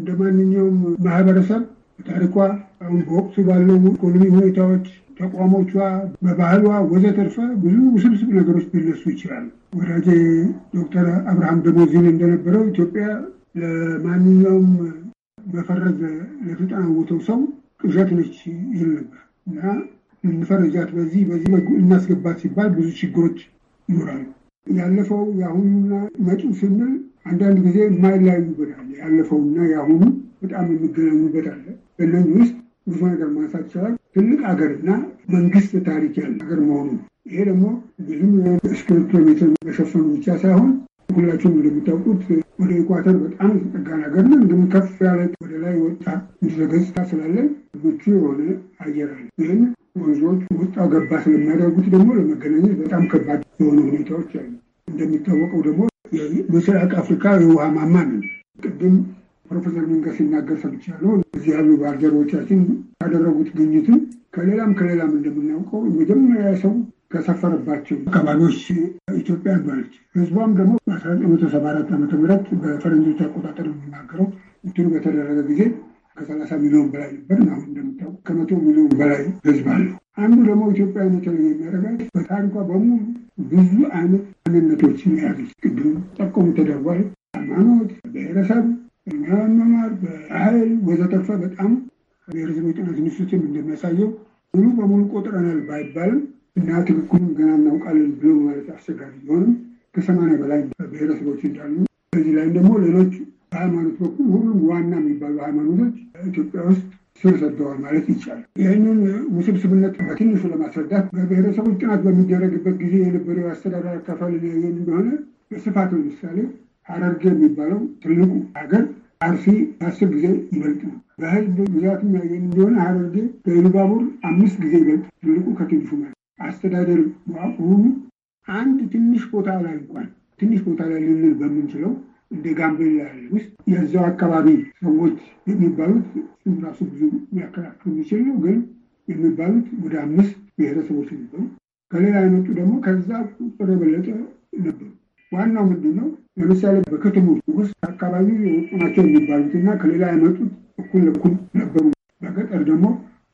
[SPEAKER 7] እንደ ማንኛውም ማህበረሰብ በታሪኳ አሁን በወቅቱ ባለው ኢኮኖሚ ሁኔታዎች፣ ተቋሞቿ፣ በባህሏ ወዘተርፈ ብዙ ውስብስብ ነገሮች ሊነሱ ይችላሉ። ወዳጄ ዶክተር አብርሃም ደሞዚን እንደነበረው ኢትዮጵያ ለማንኛውም መፈረጅ ለተጠናወተው ሰው ቅዠት ነች ይል ነበር እና እንፈረጃት በዚህ በዚህ በጉ እናስገባት ሲባል ብዙ ችግሮች ይኖራሉ። ያለፈው የአሁኑና መጪው ስንል አንዳንድ ጊዜ የማይለያዩበታል። ያለፈውና የአሁኑ በጣም የሚገናኙበት አለ። በእነዚህ ውስጥ ብዙ ነገር ማንሳት ይችላል። ትልቅ ሀገርና መንግስት ታሪክ ያለ ሀገር መሆኑ ይሄ ደግሞ ብዙም እስክሪብቶ ቤትን መሸፈኑ ብቻ ሳይሆን ሁላችሁም እንደሚታውቁት ወደ ኢኳተር በጣም ጠጋ ነገር ነው። እንደውም ከፍ ያለ ወደ ላይ ወጣ ምድረ ገጽታ ስላለ ምቹ የሆነ አየር አለ። ግን ወንዞች ውጣ ገባ ስለሚያደርጉት ደግሞ ለመገናኘት በጣም ከባድ የሆኑ ሁኔታዎች አሉ። እንደሚታወቀው ደግሞ የምስራቅ አፍሪካ የውሃ ማማ ነው። ቅድም ፕሮፌሰር መንጋ ሲናገር ሰምቻለሁ። እዚህ ያሉ ባልደረቦቻችን ያደረጉት ግኝትም ከሌላም ከሌላም እንደምናውቀው መጀመሪያ ሰው ከሰፈረባቸው አካባቢዎች ኢትዮጵያ አንዷለች። ህዝቧም ደግሞ በ1974 ዓ ም በፈረንጆች አቆጣጠር የሚናገረው እንትኑ በተደረገ ጊዜ ከሰላሳ ሚሊዮን በላይ ነበር። አሁን እንደምታውቀው ከመቶ ሚሊዮን በላይ ህዝብ አለው። አንዱ ደግሞ ኢትዮጵያ በተለየ የሚያደርጋት በታሪኳ በሙሉ ብዙ አይነት ማንነቶችን የያዘች ቅድም ጠቆሙ ተደርጓል። ሃይማኖት፣ ብሔረሰብ፣ መማር፣ ባህል ወዘተፈ በጣም ብሔረሰቦች ጥናት ኢንስቲትዩት እንደሚያሳየው ሙሉ በሙሉ ቆጥረናል ባይባልም እና ጥብቁን ገና እናውቃለን ብሎ ማለት አስቸጋሪ ቢሆንም ከሰማንያ በላይ ብሔረሰቦች እንዳሉ በዚህ ላይም ደግሞ ሌሎች በሃይማኖት በኩል ሁሉም ዋና የሚባሉ ሃይማኖቶች ኢትዮጵያ ውስጥ ስር ሰደዋል ማለት ይቻላል። ይህንን ውስብስብነት በትንሹ ለማስረዳት በብሔረሰቦች ጥናት በሚደረግበት ጊዜ የነበረው የአስተዳደር አካፋል ያየን እንደሆነ በስፋት ለምሳሌ ሐረርጌ የሚባለው ትልቁ ሀገር አርሲ አስር ጊዜ ይበልጥ ነው። በህዝብ ብዛትም ያየን እንደሆነ ሐረርጌ ከኢሉባቡር አምስት ጊዜ ይበልጥ ትልቁ ከትንሹ ማለት አስተዳደር መዋቅሩም አንድ ትንሽ ቦታ ላይ እንኳን ትንሽ ቦታ ላይ ልንል በምንችለው እንደ ጋምቤላ ውስጥ የዛው አካባቢ ሰዎች የሚባሉት እሱም ራሱ ብዙ ሊያከራክር የሚችል ነው። ግን የሚባሉት ወደ አምስት ብሔረሰቦች ነበሩ። ከሌላ የመጡ ደግሞ ከዛ ቁጥር የበለጠ ነበሩ። ዋናው ምንድን ነው? ለምሳሌ በከተሞ ውስጥ አካባቢ የወጡ ናቸው የሚባሉት እና ከሌላ የመጡት እኩል እኩል ነበሩ። በገጠር ደግሞ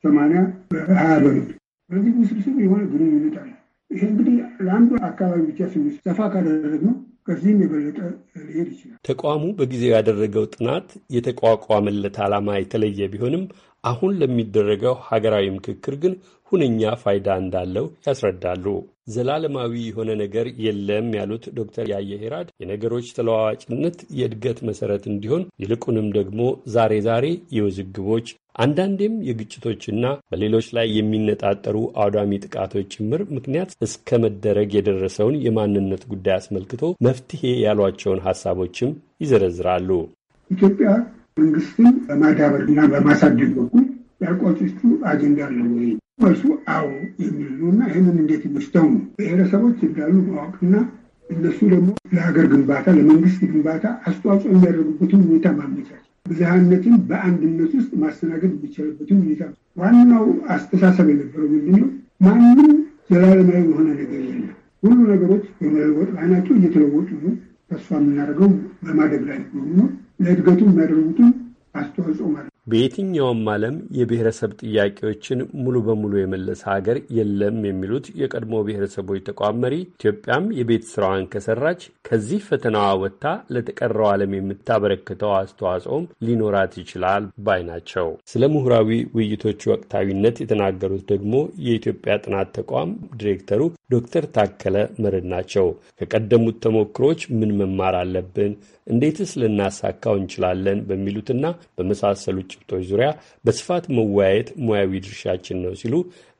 [SPEAKER 7] ሰማንያ በሀያ በሉት በዚህ ውስብስብ የሆነ ግንኙነት አለ። ይሄ እንግዲህ ለአንዱ አካባቢ ብቻ ስንስ ሰፋ ካደረግ ነው ከዚህም የበለጠ
[SPEAKER 5] ሊሄድ ይችላል። ተቋሙ በጊዜው ያደረገው ጥናት የተቋቋመለት ዓላማ የተለየ ቢሆንም አሁን ለሚደረገው ሀገራዊ ምክክር ግን ሁነኛ ፋይዳ እንዳለው ያስረዳሉ። ዘላለማዊ የሆነ ነገር የለም ያሉት ዶክተር ያየ ሄራድ የነገሮች ተለዋዋጭነት የእድገት መሰረት እንዲሆን ይልቁንም ደግሞ ዛሬ ዛሬ የውዝግቦች አንዳንዴም የግጭቶችና በሌሎች ላይ የሚነጣጠሩ አውዳሚ ጥቃቶች ጭምር ምክንያት እስከ መደረግ የደረሰውን የማንነት ጉዳይ አስመልክቶ መፍትሄ ያሏቸውን ሀሳቦችም ይዘረዝራሉ።
[SPEAKER 7] ኢትዮጵያ መንግስትን በማዳበርና በማሳደግ በኩል ያቋጮቹ አጀንዳ አለ ወይ? መልሱ አዎ የሚል ነው እና ይህንን እንዴት ይመስተው ነው ብሔረሰቦች እንዳሉ ማወቅና እነሱ ደግሞ ለሀገር ግንባታ ለመንግስት ግንባታ አስተዋጽኦ የሚያደርጉበትን ሁኔታ ማመቻቸት ብዝሃነትን በአንድነት ውስጥ ማስተናገድ የሚቻልበትም ሁኔታ ዋናው አስተሳሰብ የነበረው ምንድነው? ማንም ዘላለማዊ የሆነ ነገር የለም። ሁሉ ነገሮች በመለወጥ ላይ ናቸው፣ እየተለወጡ ነው። ተስፋ የምናደርገው በማደግ ላይ ነው። ለእድገቱ የሚያደርጉትን አስተዋጽኦ ማለት
[SPEAKER 5] በየትኛውም ዓለም የብሔረሰብ ጥያቄዎችን ሙሉ በሙሉ የመለሰ ሀገር የለም የሚሉት የቀድሞ ብሔረሰቦች ተቋም መሪ ኢትዮጵያም የቤት ስራዋን ከሰራች ከዚህ ፈተናዋ ወጥታ ለተቀረው ዓለም የምታበረክተው አስተዋጽኦም ሊኖራት ይችላል ባይ ናቸው። ስለ ምሁራዊ ውይይቶች ወቅታዊነት የተናገሩት ደግሞ የኢትዮጵያ ጥናት ተቋም ዲሬክተሩ ዶክተር ታከለ መርድ ናቸው። ከቀደሙት ተሞክሮች ምን መማር አለብን፣ እንዴትስ ልናሳካው እንችላለን በሚሉትና በመሳሰሉ ስልቶች ዙሪያ በስፋት መወያየት ሙያዊ ድርሻችን ነው ሲሉ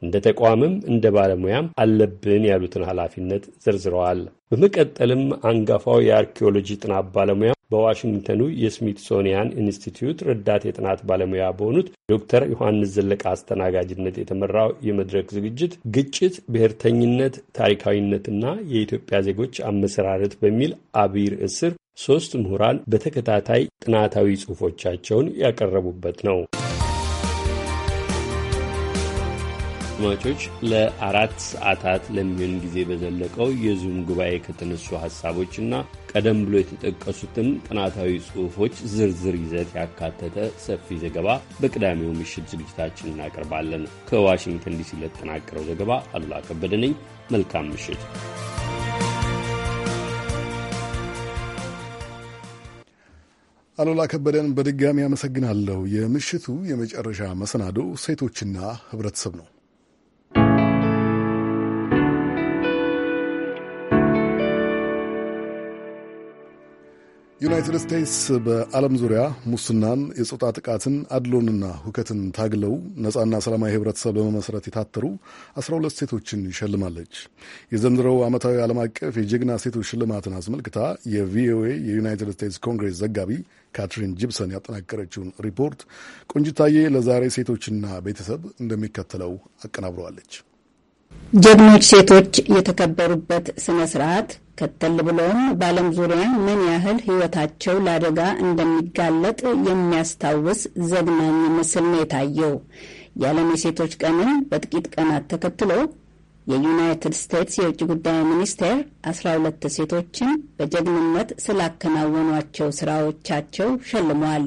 [SPEAKER 5] እንደ ተቋምም እንደ ባለሙያም አለብን ያሉትን ኃላፊነት ዘርዝረዋል። በመቀጠልም አንጋፋው የአርኪኦሎጂ ጥናት ባለሙያ በዋሽንግተኑ የስሚትሶኒያን ኢንስቲትዩት ረዳት የጥናት ባለሙያ በሆኑት ዶክተር ዮሐንስ ዘለቀ አስተናጋጅነት የተመራው የመድረክ ዝግጅት ግጭት፣ ብሔርተኝነት፣ ታሪካዊነትና የኢትዮጵያ ዜጎች አመሰራረት በሚል አብይ ርዕስ ሦስት ምሁራን በተከታታይ ጥናታዊ ጽሑፎቻቸውን ያቀረቡበት ነው። አድማጮች ለአራት ሰዓታት ለሚሆን ጊዜ በዘለቀው የዙም ጉባኤ ከተነሱ ሀሳቦችና ቀደም ብሎ የተጠቀሱትን ጥናታዊ ጽሑፎች ዝርዝር ይዘት ያካተተ ሰፊ ዘገባ በቅዳሜው ምሽት ዝግጅታችን እናቀርባለን። ከዋሽንግተን ዲሲ ለተጠናቀረው ዘገባ አሉላ ከበደ ነኝ።
[SPEAKER 1] መልካም ምሽት። አሉላ ከበደን በድጋሚ አመሰግናለሁ። የምሽቱ የመጨረሻ መሰናዶ ሴቶችና ህብረተሰብ ነው። ዩናይትድ ስቴትስ በዓለም ዙሪያ ሙስናን፣ የጾታ ጥቃትን፣ አድሎንና ሁከትን ታግለው ነጻና ሰላማዊ ህብረተሰብ በመመስረት የታተሩ 12 ሴቶችን ሸልማለች። የዘንድሮው ዓመታዊ ዓለም አቀፍ የጀግና ሴቶች ሽልማትን አስመልክታ የቪኦኤ የዩናይትድ ስቴትስ ኮንግሬስ ዘጋቢ ካትሪን ጂፕሰን ያጠናቀረችውን ሪፖርት ቆንጅታዬ ለዛሬ ሴቶችና ቤተሰብ እንደሚከተለው አቀናብረዋለች። ጀግኖች
[SPEAKER 4] ሴቶች የተከበሩበት ስነ ስርዓት ከተል ብለውም በዓለም ዙሪያ ምን ያህል ሕይወታቸው ለአደጋ እንደሚጋለጥ የሚያስታውስ ዘግናኝ ምስል ነው የታየው። የዓለም የሴቶች ቀንን በጥቂት ቀናት ተከትሎ የዩናይትድ ስቴትስ የውጭ ጉዳይ ሚኒስቴር አስራ ሁለት ሴቶችን በጀግንነት ስላከናወኗቸው ስራዎቻቸው ሸልሟል።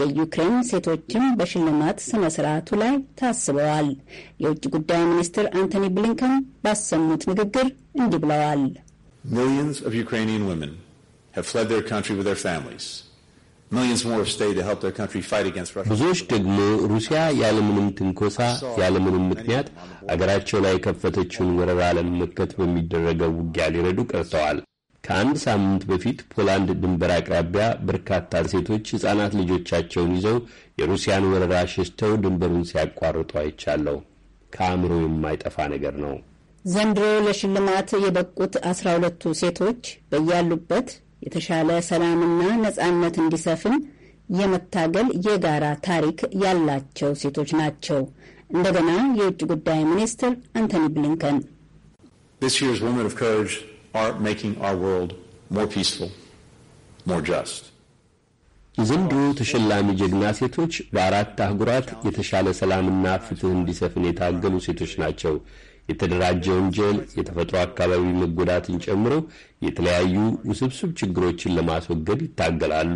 [SPEAKER 4] የዩክሬን ሴቶችም በሽልማት ስነ ስርዓቱ ላይ ታስበዋል። የውጭ ጉዳይ ሚኒስትር አንቶኒ ብሊንከን ባሰሙት ንግግር
[SPEAKER 7] እንዲህ ብለዋል። Millions of Ukrainian women have fled their country with their families. Millions more have stayed to help their country fight against Russia.
[SPEAKER 5] ብዙዎች ደግሞ ሩሲያ ያለምንም ትንኮሳ ያለምንም ምክንያት አገራቸው ላይ የከፈተችውን ወረራ ለመመከት በሚደረገው ውጊያ ሊረዱ ቀርተዋል። ከአንድ ሳምንት በፊት ፖላንድ ድንበር አቅራቢያ በርካታ ሴቶች ሕፃናት ልጆቻቸውን ይዘው የሩሲያን ወረራ ሸሽተው ድንበሩን ሲያቋርጡ አይቻለሁ። ከአእምሮ የማይጠፋ ነገር ነው።
[SPEAKER 4] ዘንድሮ ለሽልማት የበቁት አስራ ሁለቱ ሴቶች በያሉበት የተሻለ ሰላምና ነጻነት እንዲሰፍን የመታገል የጋራ ታሪክ ያላቸው ሴቶች ናቸው። እንደገና የውጭ ጉዳይ ሚኒስትር አንቶኒ ብሊንከን
[SPEAKER 5] የዘንድሮ ተሸላሚ ጀግና ሴቶች በአራት አህጉራት የተሻለ ሰላምና ፍትህ እንዲሰፍን የታገሉ ሴቶች ናቸው። የተደራጀ ወንጀል፣ የተፈጥሮ አካባቢ መጎዳትን ጨምሮ የተለያዩ ውስብስብ ችግሮችን ለማስወገድ ይታገላሉ።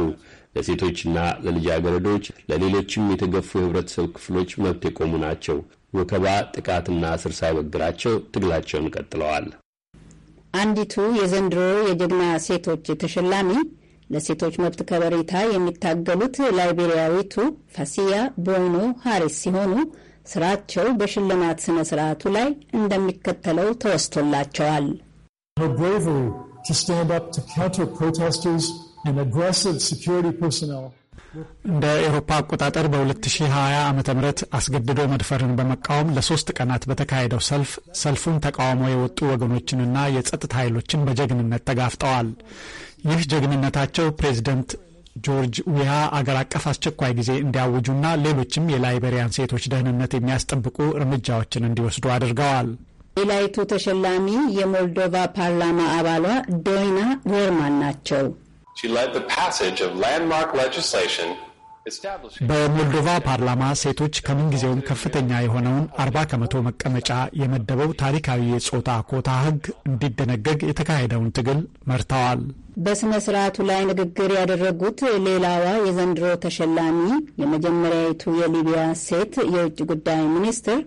[SPEAKER 5] ለሴቶችና ለልጃገረዶች ለሌሎችም የተገፉ የህብረተሰብ ክፍሎች መብት የቆሙ ናቸው። ወከባ፣ ጥቃትና እስር ሳይበግራቸው ትግላቸውን ቀጥለዋል።
[SPEAKER 4] አንዲቱ የዘንድሮ የጀግና ሴቶች ተሸላሚ ለሴቶች መብት ከበሬታ የሚታገሉት ላይቤሪያዊቱ ፋሲያ ቦይኖ ሃሪስ ሲሆኑ ስራቸው በሽልማት ስነ ስርዓቱ ላይ እንደሚከተለው
[SPEAKER 2] ተወስቶላቸዋል። እንደ ኤሮፓ አቆጣጠር በ2020 ዓ ም አስገድዶ መድፈርን በመቃወም ለሶስት ቀናት በተካሄደው ሰልፍ ሰልፉን ተቃውሞ የወጡ ወገኖችንና የጸጥታ ኃይሎችን በጀግንነት ተጋፍጠዋል። ይህ ጀግንነታቸው ፕሬዚደንት ጆርጅ ዊሃ አገር አቀፍ አስቸኳይ ጊዜ እንዲያውጁና ሌሎችም የላይበሪያን ሴቶች ደህንነት የሚያስጠብቁ እርምጃዎችን እንዲወስዱ አድርገዋል። ሌላይቱ
[SPEAKER 4] ተሸላሚ የሞልዶቫ ፓርላማ አባሏ ዶይና ዌርማን ናቸው። She
[SPEAKER 9] led the passage of landmark legislation
[SPEAKER 2] በሞልዶቫ ፓርላማ ሴቶች ከምንጊዜውም ከፍተኛ የሆነውን አርባ ከመቶ መቀመጫ የመደበው ታሪካዊ የጾታ ኮታ ህግ እንዲደነገግ የተካሄደውን ትግል መርተዋል።
[SPEAKER 4] በሥነ ሥርዓቱ ላይ ንግግር ያደረጉት ሌላዋ የዘንድሮ ተሸላሚ የመጀመሪያዊቱ የሊቢያ ሴት የውጭ ጉዳይ ሚኒስትር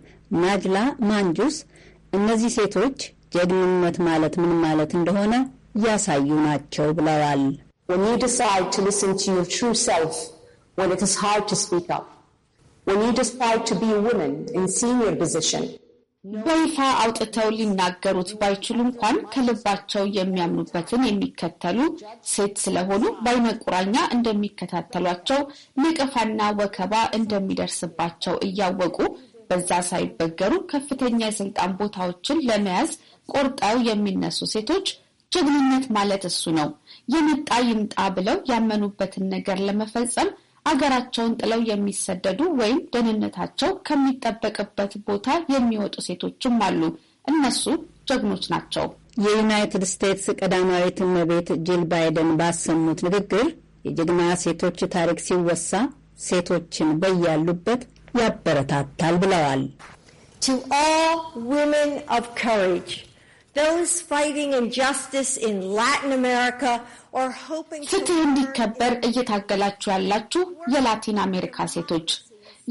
[SPEAKER 4] ናጅላ ማንጁስ እነዚህ ሴቶች ጀግንነት ማለት ምን ማለት እንደሆነ ያሳዩ ናቸው ብለዋል።
[SPEAKER 3] when it is hard to speak up, when you decide to be a woman in senior position በይፋ አውጥተው ሊናገሩት ባይችሉ እንኳን ከልባቸው የሚያምኑበትን የሚከተሉ ሴት ስለሆኑ በዓይነ ቁራኛ እንደሚከታተሏቸው ነቀፋና ወከባ እንደሚደርስባቸው እያወቁ በዛ ሳይበገሩ ከፍተኛ የስልጣን ቦታዎችን ለመያዝ ቆርጠው የሚነሱ ሴቶች ጀግንነት ማለት እሱ ነው። የመጣ ይምጣ ብለው ያመኑበትን ነገር ለመፈጸም ሀገራቸውን ጥለው የሚሰደዱ ወይም ደህንነታቸው ከሚጠበቅበት ቦታ የሚወጡ ሴቶችም አሉ። እነሱ ጀግኖች ናቸው።
[SPEAKER 4] የዩናይትድ ስቴትስ ቀዳማዊት እመቤት ጂል ባይደን ባሰሙት ንግግር የጀግና ሴቶች ታሪክ ሲወሳ ሴቶችን በያሉበት ያበረታታል ብለዋል። To all women of courage,
[SPEAKER 3] ፍትህ እንዲከበር እየታገላችሁ ያላችሁ የላቲን አሜሪካ ሴቶች፣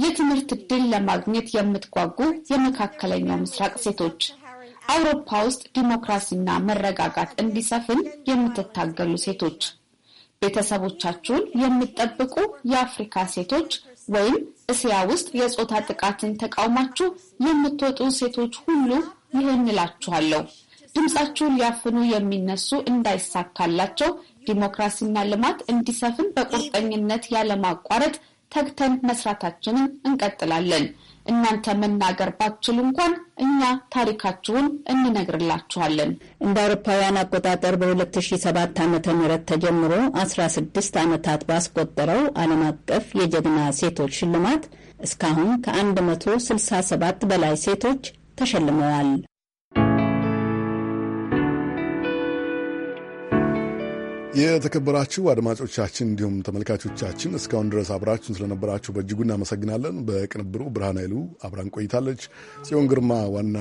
[SPEAKER 3] የትምህርት ዕድል ለማግኘት የምትጓጉ የመካከለኛው ምስራቅ ሴቶች፣ አውሮፓ ውስጥ ዲሞክራሲና መረጋጋት እንዲሰፍን የምትታገሉ ሴቶች፣ ቤተሰቦቻችሁን የምትጠብቁ የአፍሪካ ሴቶች ወይም እስያ ውስጥ የጾታ ጥቃትን ተቃውማችሁ የምትወጡ ሴቶች ሁሉ ይህን እላችኋለሁ። ድምፃቸውን ሊያፍኑ የሚነሱ እንዳይሳካላቸው ዲሞክራሲና ልማት እንዲሰፍን በቁርጠኝነት ያለማቋረጥ ተግተን መስራታችንን እንቀጥላለን። እናንተ መናገር ባትችሉ እንኳን እኛ ታሪካችሁን
[SPEAKER 4] እንነግርላችኋለን። እንደ አውሮፓውያን አቆጣጠር በ2007 ዓ.ም ተጀምሮ 16 ዓመታት ባስቆጠረው ዓለም አቀፍ የጀግና ሴቶች ሽልማት እስካሁን ከ167 በላይ ሴቶች ተሸልመዋል።
[SPEAKER 1] የተከበራችሁ አድማጮቻችን እንዲሁም ተመልካቾቻችን እስካሁን ድረስ አብራችሁን ስለነበራችሁ በእጅጉ እናመሰግናለን። በቅንብሩ ብርሃን ኃይሉ አብራን ቆይታለች። ጽዮን ግርማ ዋና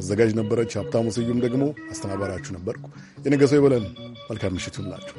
[SPEAKER 1] አዘጋጅ ነበረች። ሀብታሙ ስዩም ደግሞ አስተናባሪያችሁ ነበርኩ። የነገ ሰው ይበለን። መልካም ምሽት ይሁንላችሁ።